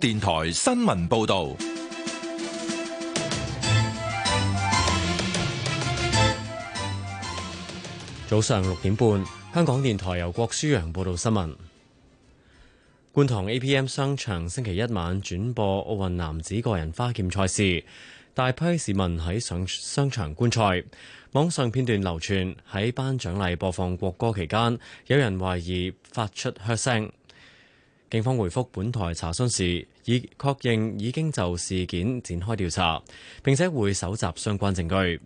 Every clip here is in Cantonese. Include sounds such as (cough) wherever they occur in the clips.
電台新聞報道：早上六點半，香港電台由郭書陽報道新聞。觀塘 APM 商場星期一晚轉播奧運男子個人花劍賽事，大批市民喺上商場觀賽。網上片段流傳，喺頒獎禮播放國歌期間，有人懷疑發出噓聲。警方回覆本台查詢時，已確認已經就事件展開調查，並且會搜集相關證據。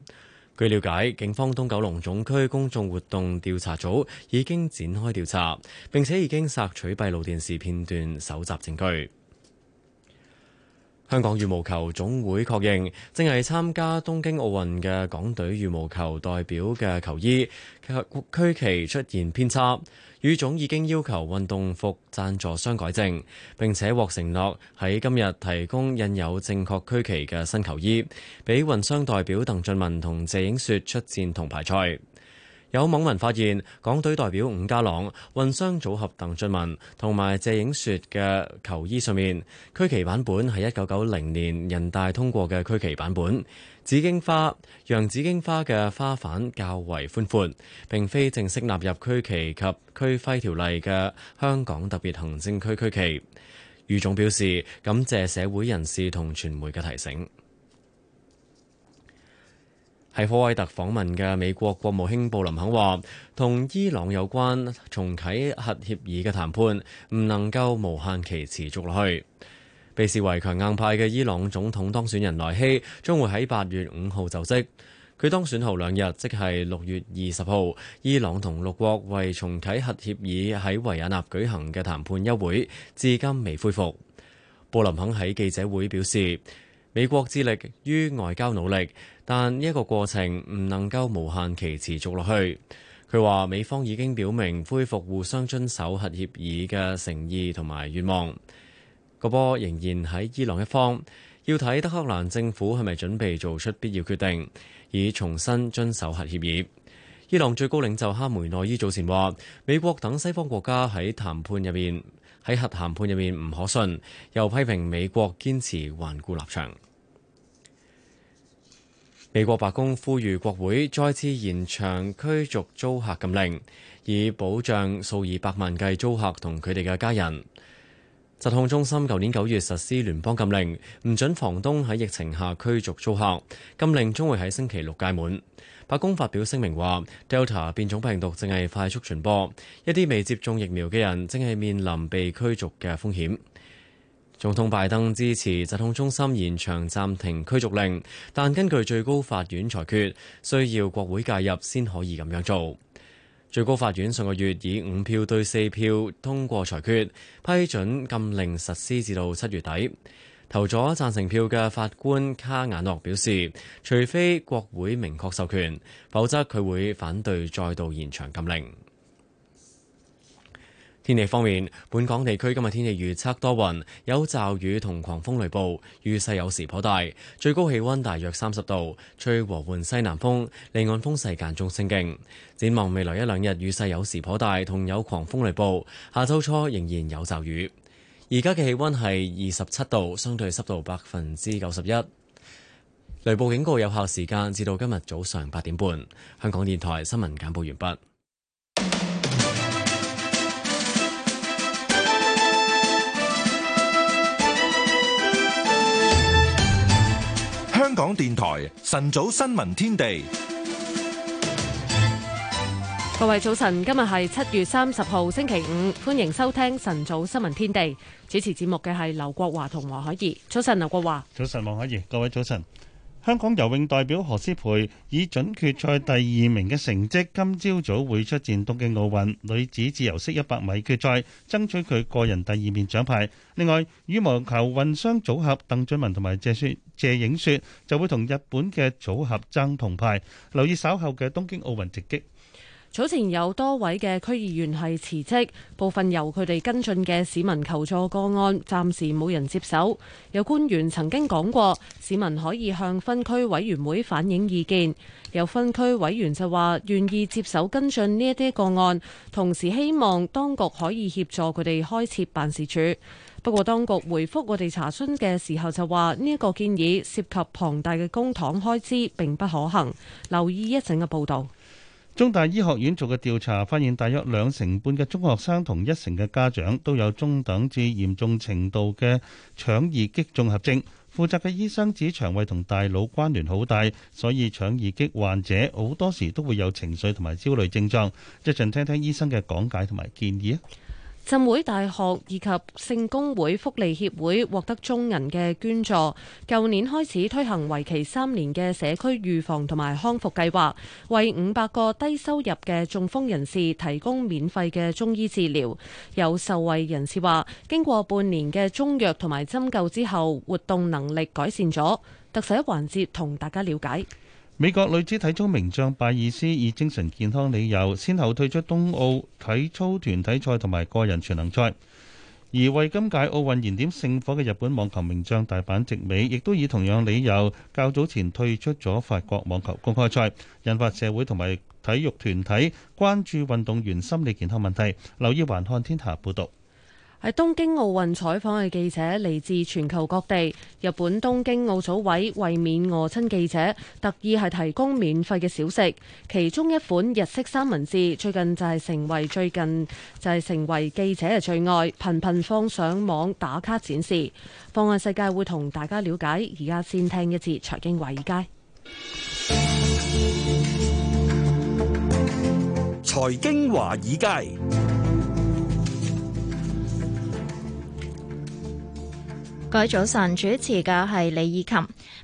據了解，警方東九龍總區公眾活動調查組已經展開調查，並且已經索取閉路電視片段搜集證據。香港羽毛球總會確認，正係參加東京奧運嘅港隊羽毛球代表嘅球衣，其曲期出現偏差。羽總已經要求運動服贊助商改正，並且獲承諾喺今日提供印有正確區旗嘅新球衣，俾運商代表鄧俊文同謝影雪出戰銅牌賽。有網民發現，港隊代表伍家朗、運商組合鄧俊文同埋謝影雪嘅球衣上面，區旗版本係一九九零年人大通過嘅區旗版本。紫荊花，洋紫荊花嘅花瓣較為寬闊。並非正式納入區旗及區徽條例嘅香港特別行政區區旗。余總表示感謝社會人士同傳媒嘅提醒。喺科威特訪問嘅美國國務卿布林肯話，同伊朗有關重啟核協議嘅談判唔能夠無限期持續落去。被視為強硬派嘅伊朗總統當選人萊希，將會喺八月五號就職。佢當選後兩日，即係六月二十號，伊朗同六國為重啟核協議喺維也納舉行嘅談判休會，至今未恢復。布林肯喺記者會表示，美國致力於外交努力，但呢一個過程唔能夠無限期持續落去。佢話美方已經表明恢復互相遵守核協議嘅誠意同埋願望。個波仍然喺伊朗一方，要睇德黑蘭政府係咪準備做出必要決定，以重新遵守核協議。伊朗最高領袖哈梅內伊早前話：美國等西方國家喺談判入面，喺核談判入面唔可信，又批評美國堅持頑固立場。美國白宮呼籲國會再次延長驅逐租客禁令，以保障數以百萬計租客同佢哋嘅家人。疾控中心舊年九月實施聯邦禁令，唔准房東喺疫情下驅逐租客。禁令將會喺星期六屆滿。白宮發表聲明話，Delta 變種病毒正係快速傳播，一啲未接種疫苗嘅人正係面臨被驅逐嘅風險。總統拜登支持疾控中心延長暫停驅逐令，但根據最高法院裁決，需要國會介入先可以咁樣做。最高法院上個月以五票對四票通過裁決，批准禁令實施至到七月底。投咗贊成票嘅法官卡瓦諾表示，除非國會明確授權，否則佢會反對再度延長禁令。天氣方面，本港地區今日天，天氣預測多雲，有驟雨同狂風雷暴，雨勢有時頗大，最高氣溫大約三十度，吹和緩西南風，離岸風勢間中清勁。展望未來一兩日，雨勢有時頗大，同有狂風雷暴。下周初仍然有驟雨。而家嘅氣溫係二十七度，相對濕度百分之九十一。雷暴警告有效時間至到今日早上八點半。香港電台新聞簡報完畢。香港電台晨早新聞天地，各位早晨，今日係七月三十號星期五，歡迎收聽晨早新聞天地。主持節目嘅係劉國華同黃海怡。早晨，劉國華。早晨，黃海怡。各位早晨。香港游泳代表何詩蓓以準決賽第二名嘅成績，今朝早，早會出戰東京奧運女子自由式一百米決賽，爭取佢個人第二面獎牌。另外，羽毛球混雙組合鄧俊文同埋謝雪謝影雪就會同日本嘅組合爭銅牌。留意稍後嘅東京奧運直擊。早前有多位嘅區議員係辭職，部分由佢哋跟進嘅市民求助個案，暫時冇人接手。有官員曾經講過，市民可以向分區委員會反映意見，有分區委員就話願意接手跟進呢一啲個案，同時希望當局可以協助佢哋開設辦事處。不過當局回覆我哋查詢嘅時候就話，呢一個建議涉及龐大嘅公帑開支，並不可行。留意一整個報導。中大醫學院做嘅調查發現，大約兩成半嘅中學生同一成嘅家長都有中等至嚴重程度嘅腸易激綜合症。負責嘅醫生指，腸胃同大腦關聯好大，所以腸易激患者好多時都會有情緒同埋焦慮症狀。一陣聽聽醫生嘅講解同埋建議啊！浸會大學以及聖公會福利協會獲得中銀嘅捐助，舊年開始推行為期三年嘅社區預防同埋康復計劃，為五百個低收入嘅中風人士提供免費嘅中醫治療。有受惠人士話，經過半年嘅中藥同埋針灸之後，活動能力改善咗。特寫環節同大家了解。美國女子體操名將拜爾斯以精神健康理由，先後退出東奧體操團體賽同埋個人全能賽。而為今屆奧運燃點聖火嘅日本網球名將大坂直美，亦都以同樣理由較早前退出咗法國網球公開賽，引發社會同埋體育團體關注運動員心理健康問題。留意環看天下報道。喺東京奧運採訪嘅記者嚟自全球各地，日本東京奧組委為免餓親記者，特意係提供免費嘅小食，其中一款日式三文治，最近就係成為最近就係成為記者嘅最愛，頻頻放上網打卡展示。放眼世界，會同大家了解，而家先聽一次財經華爾街。財經華爾街。各位早晨，主持嘅係李以琴。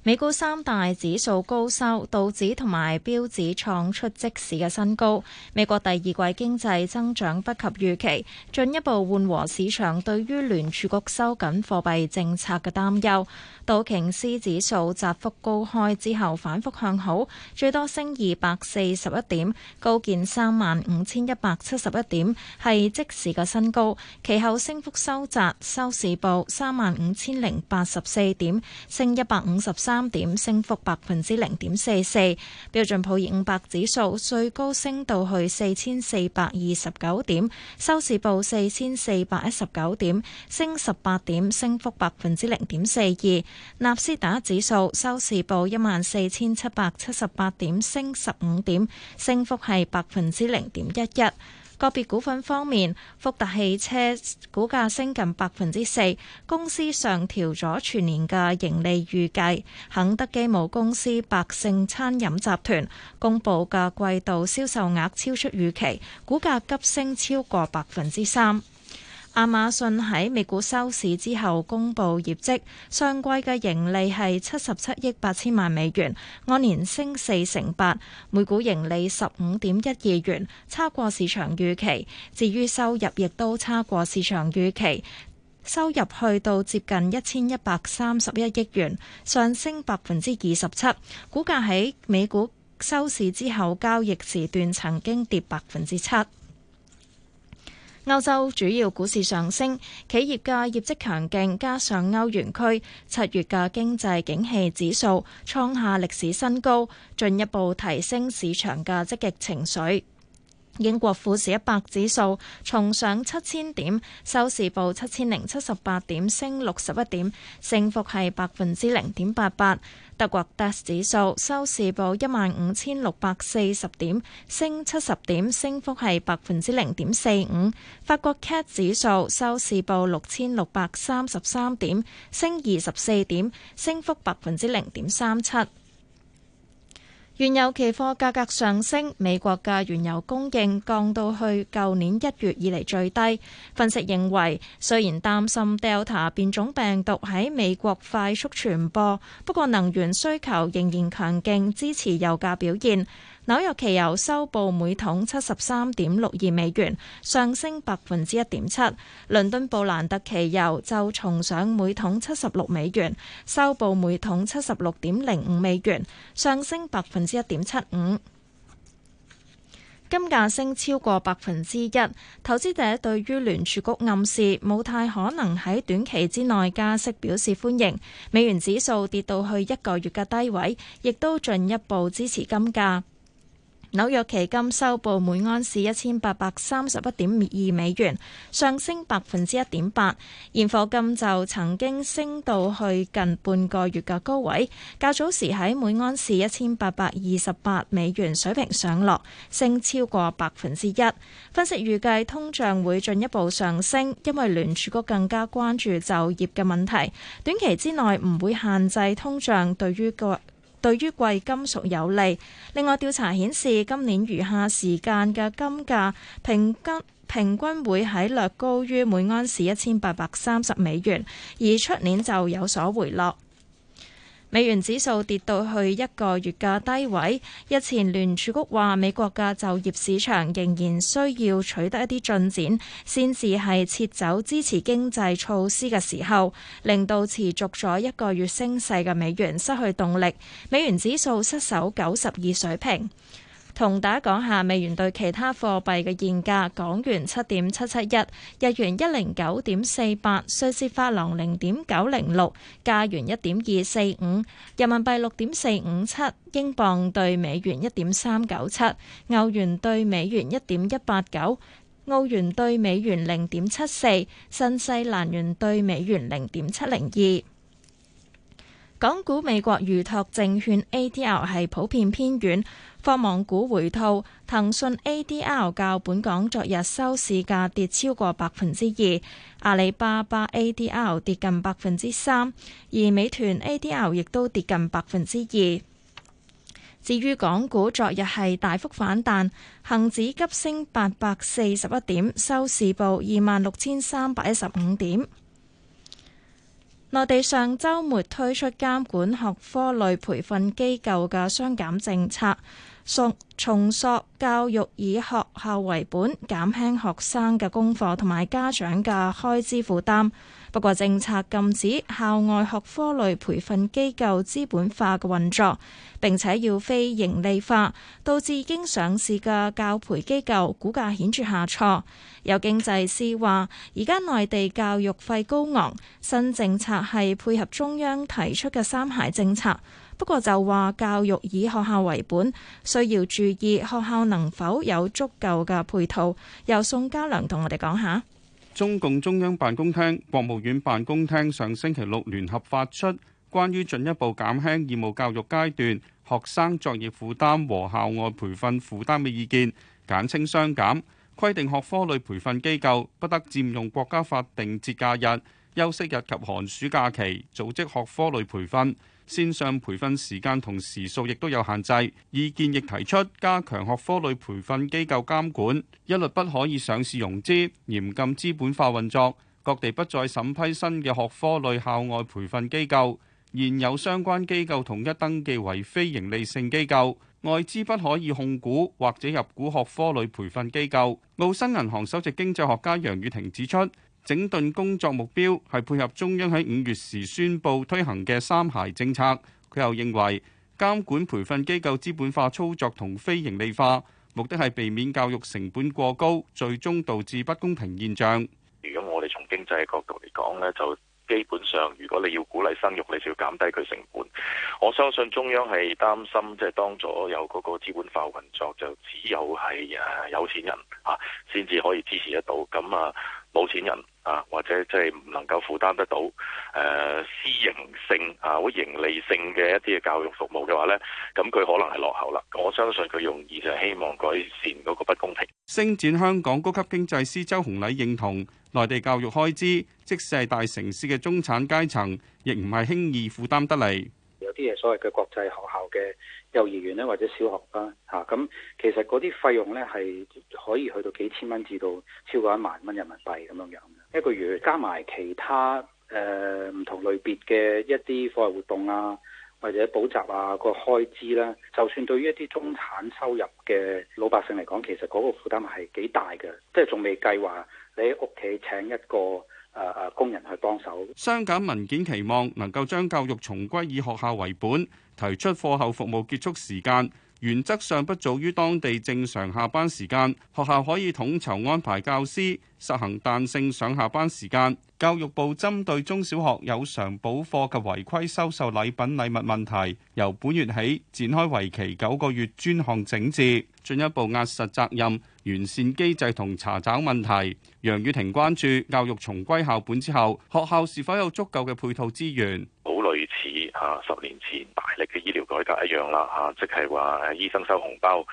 美股三大指數高收，道指同埋標指創出即市嘅新高。美國第二季經濟增長不及預期，進一步緩和市場對於聯儲局收緊貨幣政策嘅擔憂。道瓊斯指數窄幅高開之後反覆向好，最多升二百四十一點，高見三萬五千一百七十一點，係即市嘅新高。其後升幅收窄，收市報三萬五千零八十四點，升一百五十三。三點升幅百分之零點四四，標準普爾五百指數最高升到去四千四百二十九點，收市報四千四百一十九點，升十八點，升幅百分之零點四二。納斯達指數收市報一萬四千七百七十八點，升十五點，升幅係百分之零點一一。個別股份方面，福特汽車股價升近百分之四，公司上調咗全年嘅盈利預計。肯德基母公司百勝餐飲集團公佈嘅季度銷售額超出預期，股價急升超過百分之三。亞馬遜喺美股收市之後公佈業績，上季嘅盈利係七十七億八千萬美元，按年升四成八，每股盈利十五點一二元，超過市場預期。至於收入亦都超過市場預期，收入去到接近一千一百三十一億元，上升百分之二十七。股價喺美股收市之後交易時段曾經跌百分之七。歐洲主要股市上升，企業嘅業績強勁，加上歐元區七月嘅經濟景氣指數創下歷史新高，進一步提升市場嘅積極情緒。英國富時一百指數重上七千點，收市報七千零七十八點，升六十一點，升幅係百分之零點八八。德國 DAX 指數收市報一萬五千六百四十點，升七十點，升幅係百分之零點四五。法國 CAC 指數收市報六千六百三十三點，升二十四點，升幅百分之零點三七。原油期貨價格上升，美國嘅原油供應降到去舊年一月以嚟最低。分析認為，雖然擔心 Delta 變種病毒喺美國快速傳播，不過能源需求仍然強勁，支持油價表現。紐約期油收報每桶七十三點六二美元，上升百分之一點七。倫敦布蘭特期油就重上每桶七十六美元，收報每桶七十六點零五美元，上升百分之一點七五。金價升超過百分之一，投資者對於聯儲局暗示冇太可能喺短期之內加息表示歡迎。美元指數跌到去一個月嘅低位，亦都進一步支持金價。紐約期金收報每盎司一千八百三十一點二美元，上升百分之一點八。現貨金就曾經升到去近半個月嘅高位，較早時喺每盎司一千八百二十八美元水平上落，上升超過百分之一。分析預計通脹會進一步上升，因為聯儲局更加關注就業嘅問題，短期之內唔會限制通脹對於個。對於貴金屬有利。另外，調查顯示今年餘下時間嘅金價平均平均會喺略高於每安士一千八百三十美元，而出年就有所回落。美元指數跌到去一個月嘅低位。日前聯儲局話，美國嘅就業市場仍然需要取得一啲進展，先至係撤走支持經濟措施嘅時候，令到持續咗一個月升勢嘅美元失去動力。美元指數失守九十二水平。同大家講下美元對其他貨幣嘅現價：港元七點七七一，日元一零九點四八，瑞士法郎零點九零六，加元一點二四五，人民幣六點四五七，英鎊兌美元一點三九七，歐元兌美元一點一八九，澳元兌美元零點七四，新西蘭元兌美元零點七零二。港股美國預託證券 ADL 係普遍偏軟，科網股回吐，騰訊 ADL 較本港昨日收市價跌超過百分之二，阿里巴巴 ADL 跌近百分之三，而美團 ADL 亦都跌近百分之二。至於港股昨日係大幅反彈，恒指急升八百四十一點，收市報二萬六千三百一十五點。內地上週末推出監管學科類培訓機構嘅雙減政策，重塑教育以學校為本，減輕學生嘅功課同埋家長嘅開支負擔。不過政策禁止校外學科類培訓機構資本化嘅運作，並且要非盈利化，導致已經上市嘅教培機構股價顯著下挫。有經濟師話，而家內地教育費高昂，新政策係配合中央提出嘅三孩政策。不過就話教育以學校為本，需要注意學校能否有足夠嘅配套。由宋家良同我哋講下。中共中央辦公廳、國務院辦公廳上星期六聯合發出關於進一步減輕義務教育階段學生作業負擔和校外培訓負擔嘅意見，簡稱“雙減”，規定學科類培訓機構不得佔用國家法定節假日、休息日及寒暑假期組織學科類培訓。線上培訓時間同時數亦都有限制，意見亦提出加強學科類培訓機構監管，一律不可以上市融資，嚴禁資本化運作，各地不再審批新嘅學科類校外培訓機構，現有相關機構統一登記為非營利性機構，外資不可以控股或者入股學科類培訓機構。澳新銀行首席經濟學家楊宇婷指出。整頓工作目標係配合中央喺五月時宣布推行嘅三孩政策。佢又認為監管培訓機構資本化操作同非盈利化，目的係避免教育成本過高，最終導致不公平現象。如果我哋從經濟角度嚟講咧，就基本上如果你要鼓勵生育，你就要減低佢成本。我相信中央係擔心，即係當咗有嗰個資本化運作，就只有係誒有錢人嚇先至可以支持得到。咁啊，冇錢人。呃、啊，或者即係唔能夠負擔得到，誒私營性啊或盈利性嘅一啲嘅教育服務嘅話咧，咁佢可能係落後啦。我相信佢容易就希望改善嗰個不公平。星展香港高級經濟師周洪禮認同，內地教育開支即使係大城市嘅中產階層亦唔係輕易負擔得嚟。有啲嘢所謂嘅國際學校嘅幼兒園咧，或者小學啦吓，咁、啊、其實嗰啲費用咧係可以去到幾千蚊至到超過一萬蚊人民幣咁樣樣。一個月加埋其他誒唔、呃、同類別嘅一啲課外活動啊，或者補習啊個開支啦，就算對於一啲中產收入嘅老百姓嚟講，其實嗰個負擔係幾大嘅，即係仲未計劃你喺屋企請一個啊啊、呃、工人去幫手。刪減文件期望能夠將教育重歸以學校為本，提出課後服務結束時間原則上不早於當地正常下班時間，學校可以統籌安排教師。實行彈性上下班時間。教育部針對中小學有償補課及違規收受禮品禮物問題，由本月起展開為期九個月專項整治，進一步壓實責任、完善機制同查找問題。楊雨婷關注教育重歸校本之後，學校是否有足夠嘅配套資源？好類似啊十年前大力嘅醫療改革一樣啦吓，即係話醫生收紅包。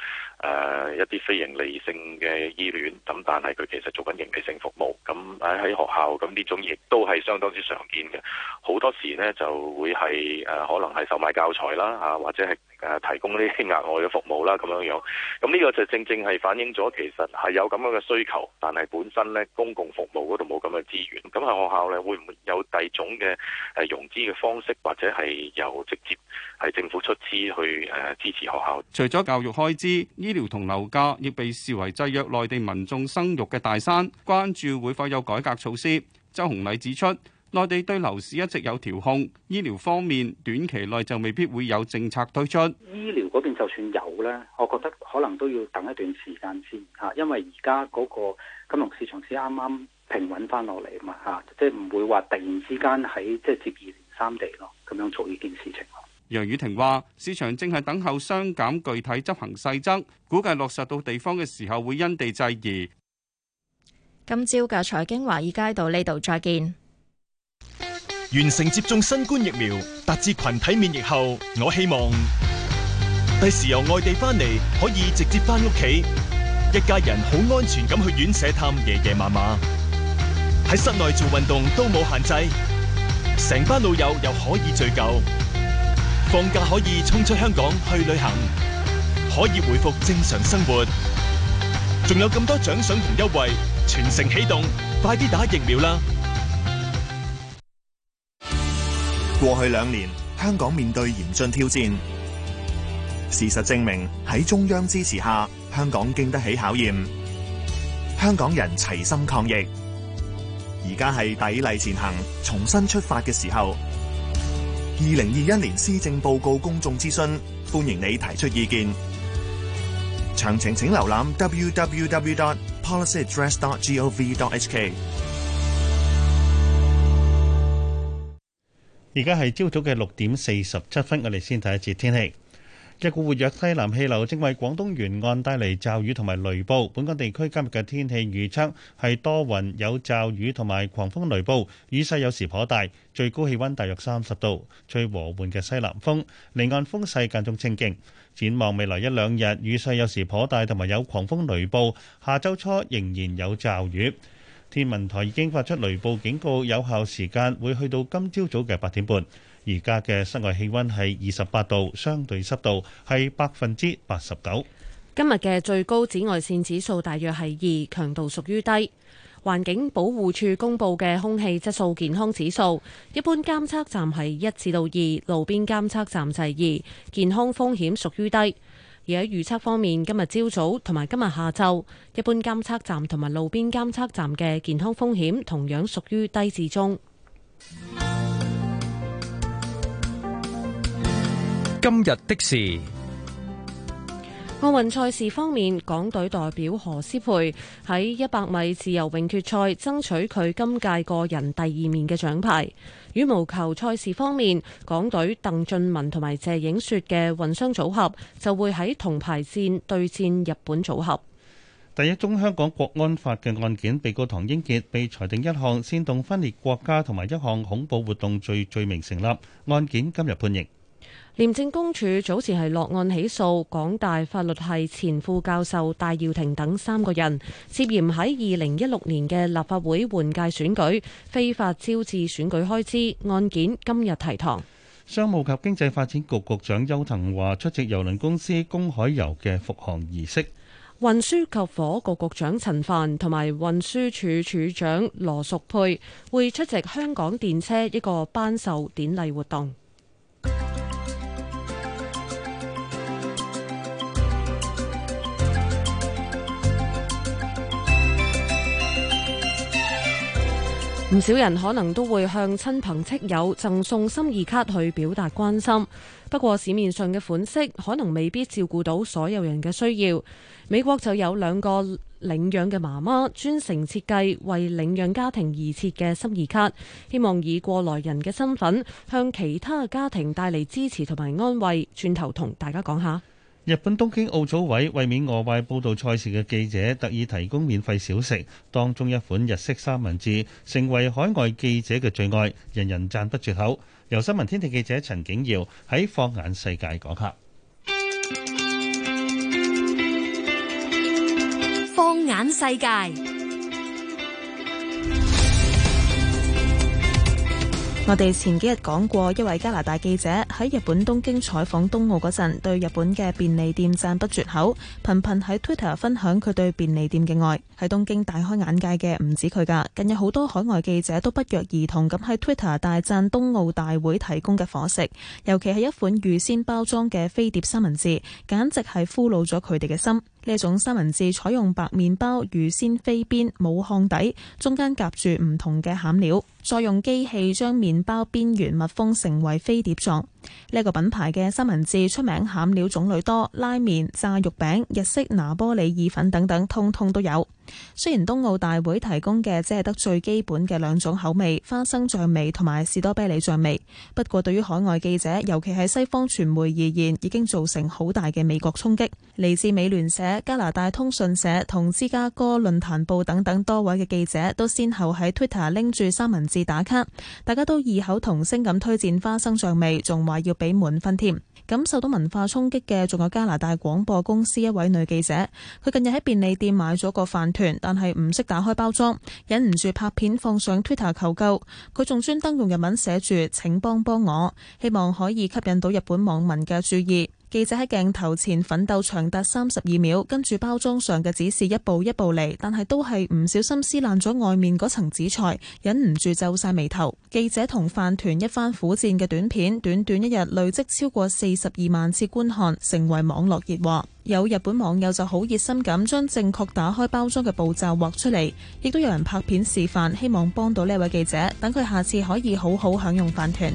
誒、啊、一啲非盈利性嘅醫院，咁但係佢其實做緊盈利性服務，咁喺學校，咁呢種亦都係相當之常見嘅。好多時呢就會係誒、啊、可能係售賣教材啦，嚇、啊、或者係誒、啊、提供啲額外嘅服務啦，咁樣樣。咁、這、呢個就正正係反映咗其實係有咁樣嘅需求，但係本身呢公共服務嗰度冇咁嘅資源。咁喺學校呢會唔會有第二種嘅誒融資嘅方式，或者係由直接係政府出資去誒支持學校？除咗教育開支，醫療同樓價亦被視為制約內地民眾生育嘅大山，關注會否有改革措施。周鴻禮指出，內地對樓市一直有調控，醫療方面短期內就未必會有政策推出。醫療嗰邊就算有呢，我覺得可能都要等一段時間先吓，因為而家嗰個金融市場先啱啱平穩翻落嚟嘛吓，即係唔會話突然之間喺即係接二連三地咯，咁樣做呢件事情。楊宇婷話：市場正係等候雙減具體執行細則，估計落實到地方嘅時候會因地制宜。今朝嘅財經華爾街到呢度再見。完成接種新冠疫苗，達至群體免疫後，我希望第時由外地翻嚟，可以直接翻屋企，一家人好安全咁去院舍探爺爺嫲嫲，喺室內做運動都冇限制，成班老友又可以聚舊。放假可以衝出香港去旅行，可以回復正常生活，仲有咁多獎賞同優惠，全城起動，快啲打疫苗啦！過去兩年，香港面對嚴峻挑戰，事實證明喺中央支持下，香港經得起考驗。香港人齊心抗疫，而家係砥礪前行，重新出發嘅時候。二零二一年施政報告公眾諮詢，歡迎你提出意見。詳情請瀏覽 www.policyaddress.gov.hk。而家係朝早嘅六點四十七分，我哋先睇一次天氣。一股活躍西南氣流正為廣東沿岸帶嚟驟雨同埋雷暴。本港地區今日嘅天氣預測係多雲有驟雨同埋狂風雷暴，雨勢有時頗大，最高氣溫大約三十度，吹和緩嘅西南風離岸風勢間中清勁，展望未來一兩日，雨勢有時頗大同埋有狂風雷暴，下周初仍然有驟雨。天文台已經發出雷暴警告，有效時間會去到今朝早嘅八點半。而家嘅室外氣溫係二十八度，相對濕度係百分之八十九。今日嘅最高紫外線指數大約係二，強度屬於低。環境保護處公布嘅空氣質素健康指數，一般監測站係一至到二，路邊監測站就係二，健康風險屬於低。而喺預測方面，今日朝早同埋今日下晝，一般監測站同埋路邊監測站嘅健康風險同樣屬於低至中。 (music) 今日的事，奧運賽事方面，港隊代表何詩蓓喺一百米自由泳決賽爭取佢今屆個人第二面嘅獎牌。羽毛球賽事方面，港隊鄧俊文同埋謝影雪嘅混雙組合就會喺銅牌戰對戰日本組合。第一宗香港國安法嘅案件，被告唐英傑被裁定一項煽動分裂國家同埋一項恐怖活動罪罪名成立，案件今日判刑。廉政公署早前係落案起訴港大法律系前副教授戴耀廷等三個人，涉嫌喺二零一六年嘅立法會換屆選舉非法招致選舉開支案件，今日提堂。商務及經濟發展局局，局長邱騰華出席郵輪公司公海遊嘅復航儀式。運輸及火局局長陳帆同埋運輸署署長羅淑佩會出席香港電車一個頒授典禮活動。唔少人可能都會向親朋戚友贈送心意卡去表達關心，不過市面上嘅款式可能未必照顧到所有人嘅需要。美國就有兩個領養嘅媽媽專程設計為領養家庭而設嘅心意卡，希望以過來人嘅身份向其他家庭帶嚟支持同埋安慰。轉頭同大家講下。日本東京奧組委為免餓壞報道賽事嘅記者，特意提供免費小食，當中一款日式三文治成為海外記者嘅最愛，人人讚不絕口。由新聞天地記者陳景堯喺放眼世界講下。放眼世界。我哋前幾日講過一位加拿大記者喺日本東京採訪東奧嗰陣，對日本嘅便利店讚不絕口，頻頻喺 Twitter 分享佢對便利店嘅愛。喺東京大開眼界嘅唔止佢噶，近日好多海外記者都不約而同咁喺 Twitter 大讚東奧大會提供嘅伙食，尤其係一款預先包裝嘅飛碟三文治，簡直係俘虜咗佢哋嘅心。呢種三文治採用白麵包，預先飛邊，冇烘底，中間夾住唔同嘅餡料，再用機器將麵包邊緣密封，成為飛碟狀。呢一個品牌嘅三文治出名餡料種類多，拉麵、炸肉餅、日式拿波里意粉等等，通通都有。雖然冬奧大會提供嘅只係得最基本嘅兩種口味，花生醬味同埋士多啤梨醬味，不過對於海外記者，尤其係西方傳媒而言，已經造成好大嘅美國衝擊。嚟自美聯社、加拿大通訊社同芝加哥論壇報等等多位嘅記者，都先後喺 Twitter 拎住三文治打卡，大家都異口同聲咁推薦花生醬味，仲話，要俾滿分添，感受到文化衝擊嘅仲有加拿大廣播公司一位女記者，佢近日喺便利店買咗個飯團，但係唔識打開包裝，忍唔住拍片放上 Twitter 求救，佢仲專登用日文寫住請幫幫我，希望可以吸引到日本網民嘅注意。記者喺鏡頭前奮鬥長達三十二秒，跟住包裝上嘅指示一步一步嚟，但係都係唔小心撕爛咗外面嗰層紙材，忍唔住皺晒眉頭。記者同飯團一番苦戰嘅短片，短短一日累積超過四十二萬次觀看，成為網絡熱話。有日本網友就好熱心咁將正確打開包裝嘅步驟畫出嚟，亦都有人拍片示範，希望幫到呢位記者，等佢下次可以好好享用飯團。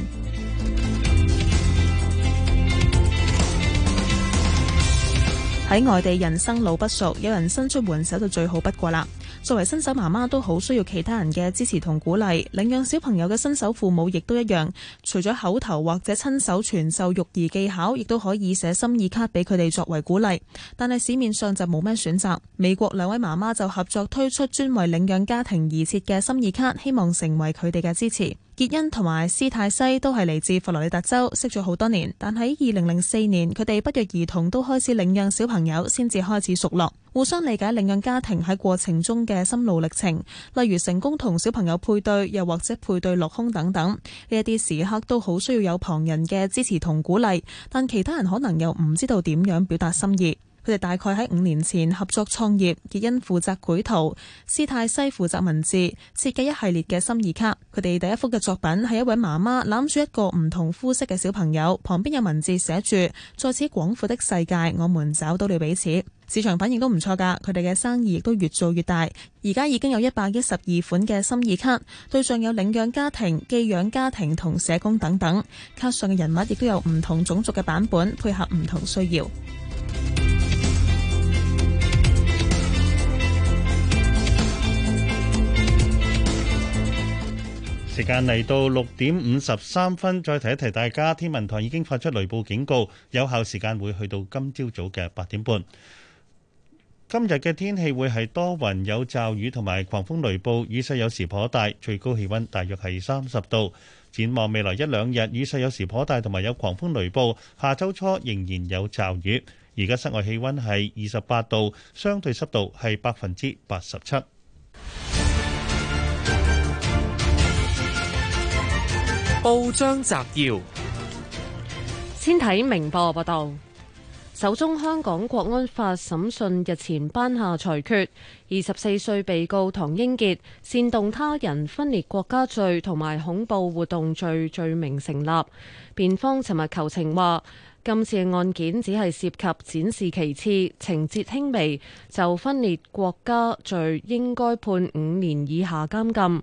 喺外地人生路不熟，有人伸出援手就最好不過啦。作為新手媽媽都好需要其他人嘅支持同鼓勵，領養小朋友嘅新手父母亦都一樣，除咗口頭或者親手傳授育兒技巧，亦都可以寫心意卡俾佢哋作為鼓勵。但係市面上就冇咩選擇，美國兩位媽媽就合作推出專為領養家庭而設嘅心意卡，希望成為佢哋嘅支持。傑恩同埋斯泰西都係嚟自佛羅里達州，識咗好多年，但喺二零零四年，佢哋不約而同都開始領養小朋友，先至開始熟絡，互相理解領養家庭喺過程中嘅心路歷程，例如成功同小朋友配對，又或者配對落空等等，呢一啲時刻都好需要有旁人嘅支持同鼓勵，但其他人可能又唔知道點樣表達心意。佢哋大概喺五年前合作創業，杰恩負責繪圖，斯泰西負責文字，設計一系列嘅心意卡。佢哋第一幅嘅作品係一位媽媽攬住一個唔同膚色嘅小朋友，旁邊有文字寫住：在此廣闊的世界，我們找到了彼此。市場反應都唔錯噶，佢哋嘅生意亦都越做越大。而家已經有一百一十二款嘅心意卡，對象有領養家庭、寄養家庭同社工等等。卡上嘅人物亦都有唔同種族嘅版本，配合唔同需要。時間嚟到六點五十三分，再提一提大家，天文台已經發出雷暴警告，有效時間會去到今朝早嘅八點半。今日嘅天氣會係多雲有驟雨同埋狂風雷暴，雨勢有時頗大，最高氣溫大約係三十度。展望未來一兩日，雨勢有時頗大，同埋有狂風雷暴。下周初仍然有驟雨。而家室外氣溫係二十八度，相對濕度係百分之八十七。報章摘要，先睇明報報道，首宗香港國安法審訊日前頒下裁決，二十四歲被告唐英傑煽動他人分裂國家罪同埋恐怖活動罪罪名成立。辯方尋日求情話，今次嘅案件只係涉及展示旗幟，情節輕微，就分裂國家罪應該判五年以下監禁。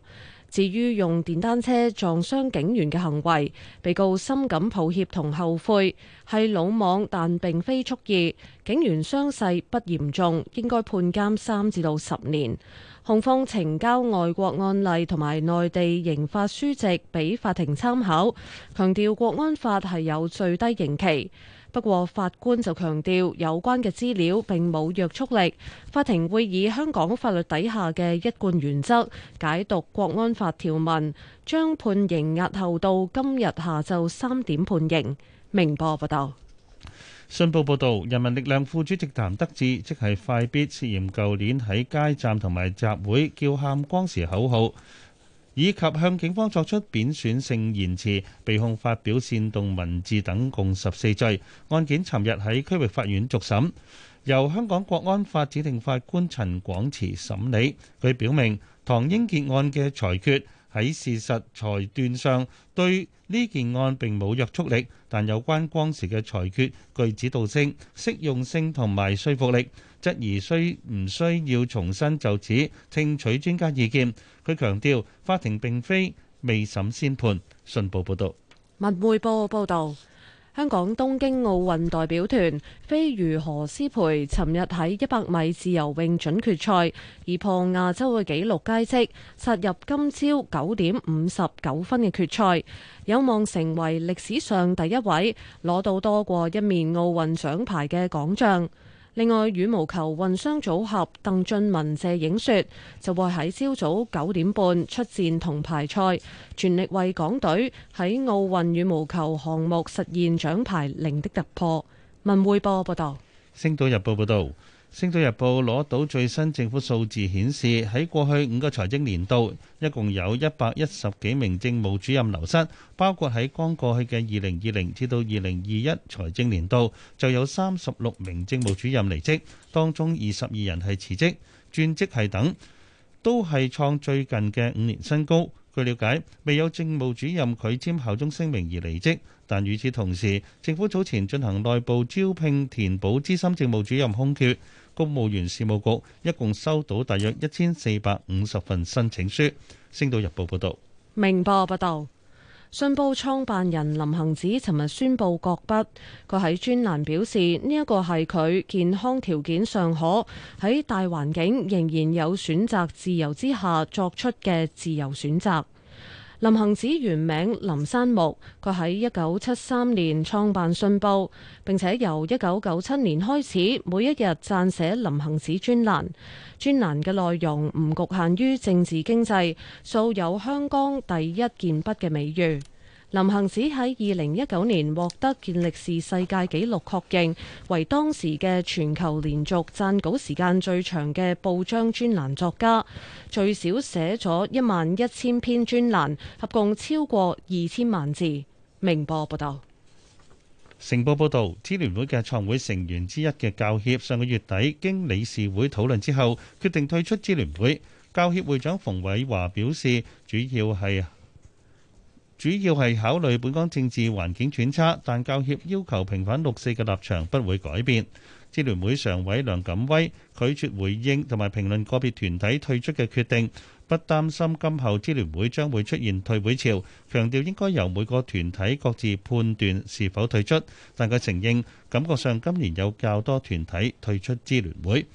至於用電單車撞傷警員嘅行為，被告深感抱歉同後悔，係魯莽，但並非蓄意。警員傷勢不嚴重，應該判監三至到十年。控方呈交外國案例同埋內地刑法書籍俾法庭參考，強調國安法係有最低刑期。不過法官就強調，有關嘅資料並冇約束力。法庭會以香港法律底下嘅一貫原則解讀國安法條文，將判刑押後到今日下晝三點判刑。明報報道，信報報道，人民力量副主席譚德志即係快必涉嫌舊年喺街站同埋集會叫喊光時口號。以及向警方作出貶損性言辭，被控發表煽動文字等共十四罪。案件尋日喺區域法院續審，由香港國安法指定法官陳廣慈審理。佢表明唐英傑案嘅裁決喺事實裁斷上對呢件案並冇約束力，但有關當時嘅裁決具指導性、適用性同埋說服力。質疑需唔需要重新就此聽取專家意見。佢強調，法庭並非未審先判。信報報道：「文匯報報道，香港東京奧運代表團飛魚何詩蓓尋日喺一百米自由泳準決賽而破亞洲嘅紀錄佳績，殺入今朝九點五十九分嘅決賽，有望成為歷史上第一位攞到多過一面奧運獎牌嘅港將。另外，羽毛球混雙組合鄧俊文謝影雪就會喺朝早九點半出戰銅牌賽，全力為港隊喺奧運羽毛球項目實現獎牌零的突破。文匯報報道，《星島日報》報道。《星島日報》攞到最新政府數字顯示，喺過去五個財政年度，一共有一百一十幾名政務主任流失，包括喺剛過去嘅二零二零至到二零二一財政年度，就有三十六名政務主任離職，當中二十二人係辭職，轉職、係等，都係創最近嘅五年新高。據了解，未有政務主任拒簽效忠聲明而離職。但與此同時，政府早前進行內部招聘，填補資深政務主任空缺。公務員事務局一共收到大約一千四百五十份申請書。星島日報報道。明報報道，信報創辦人林行止尋日宣布擱筆。佢喺專欄表示，呢一個係佢健康條件尚可，喺大環境仍然有選擇自由之下作出嘅自由選擇。林行止原名林山木，佢喺一九七三年創辦信報，並且由一九九七年開始，每一日撰寫林行止專欄。專欄嘅內容唔局限於政治經濟，素有香港第一健筆嘅美譽。林行止喺二零一九年獲得健力士世界紀錄確認，為當時嘅全球連續撰稿時間最長嘅報章專欄作家，最少寫咗一萬一千篇專欄，合共超過二千萬字。明報報道，成報報道，支聯會嘅創會成員之一嘅教協上個月底經理事會討論之後，決定退出支聯會。教協會長馮偉華表示，主要係。主要係考慮本港政治環境轉差，但教協要求平反六四嘅立場不會改變。支聯會常委梁錦威拒絕回應同埋評論個別團體退出嘅決定，不擔心今後支聯會將會出現退會潮，強調應該由每個團體各自判斷是否退出。但佢承認感覺上今年有較多團體退出支聯會。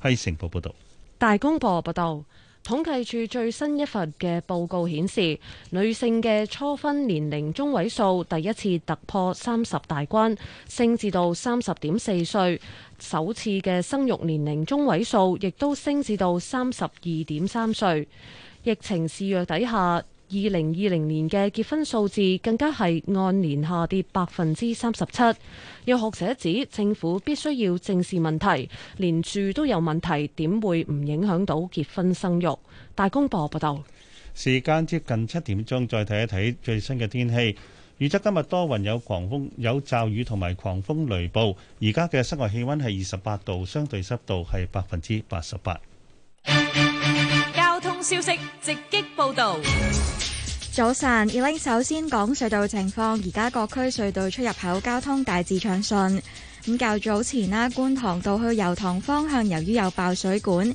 喺成報報道，大公報報道。統計處最新一份嘅報告顯示，女性嘅初婚年齡中位數第一次突破三十大關，升至到三十點四歲；首次嘅生育年齡中位數亦都升至到三十二點三歲。疫情肆虐底下。二零二零年嘅結婚數字更加係按年下跌百分之三十七。有學者指，政府必須要正視問題，連住都有問題，點會唔影響到結婚生育？大公報報道。時間接近七點鐘，再睇一睇最新嘅天氣。預測今日多雲，有狂風，有驟雨同埋狂風雷暴。而家嘅室外氣溫係二十八度，相對濕度係百分之八十八。消息直擊報道。早晨 e l 首先講隧道情況。而家各區隧道出入口交通大致暢順。咁較早前啦，觀塘道去油塘方向由於有爆水管，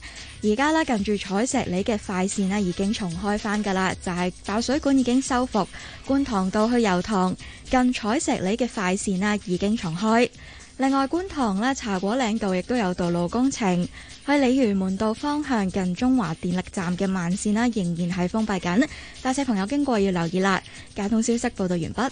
而家啦近住彩石里嘅快綫啦已經重開返噶啦，就係、是、爆水管已經修復。觀塘道去油塘近彩石里嘅快綫啦已經重開。另外，觀塘咧茶果嶺道亦都有道路工程。喺鯉魚門道方向近中華電力站嘅慢線啦，仍然係封閉緊，駕駛朋友經過要留意啦。交通消息報道完畢。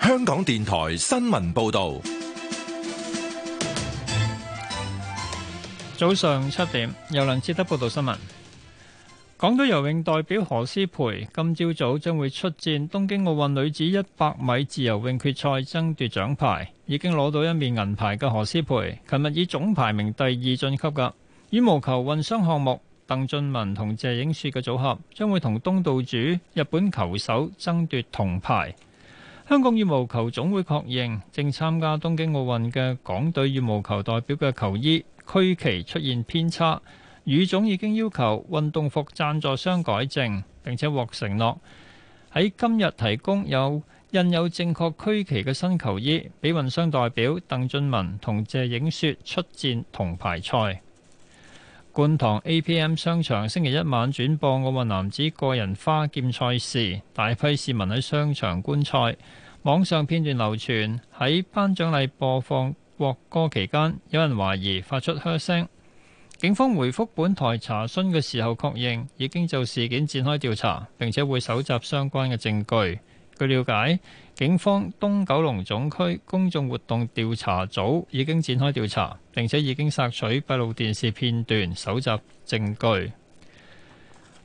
香港電台新聞報道。早上七點，尤能捷得報道新聞。港隊游泳代表何詩蓓今朝早將會出戰東京奧運女子一百米自由泳決賽，爭奪獎牌。已經攞到一面銀牌嘅何詩蓓。琴日以總排名第二晉級嘅羽毛球混雙項目，鄧俊文同謝影雪嘅組合將會同東道主日本球手爭奪銅牌。香港羽毛球總會確認正參加東京奧運嘅港隊羽毛球代表嘅球衣，區旗出現偏差，羽總已經要求運動服贊助商改正，並且獲承諾喺今日提供有印有正確區旗嘅新球衣俾運商代表鄧俊文同謝影雪出戰銅牌賽。觀塘 APM 商場星期一晚轉播奧運男子個人花劍賽事，大批市民喺商場觀賽，網上片段流傳喺頒獎禮播放國歌期間，有人懷疑發出噓聲。警方回覆本台查詢嘅時候，確認已經就事件展開調查，並且會搜集相關嘅證據。據了解，警方東九龍總區公眾活動調查組已經展開調查，並且已經索取閉路電視片段，搜集證據。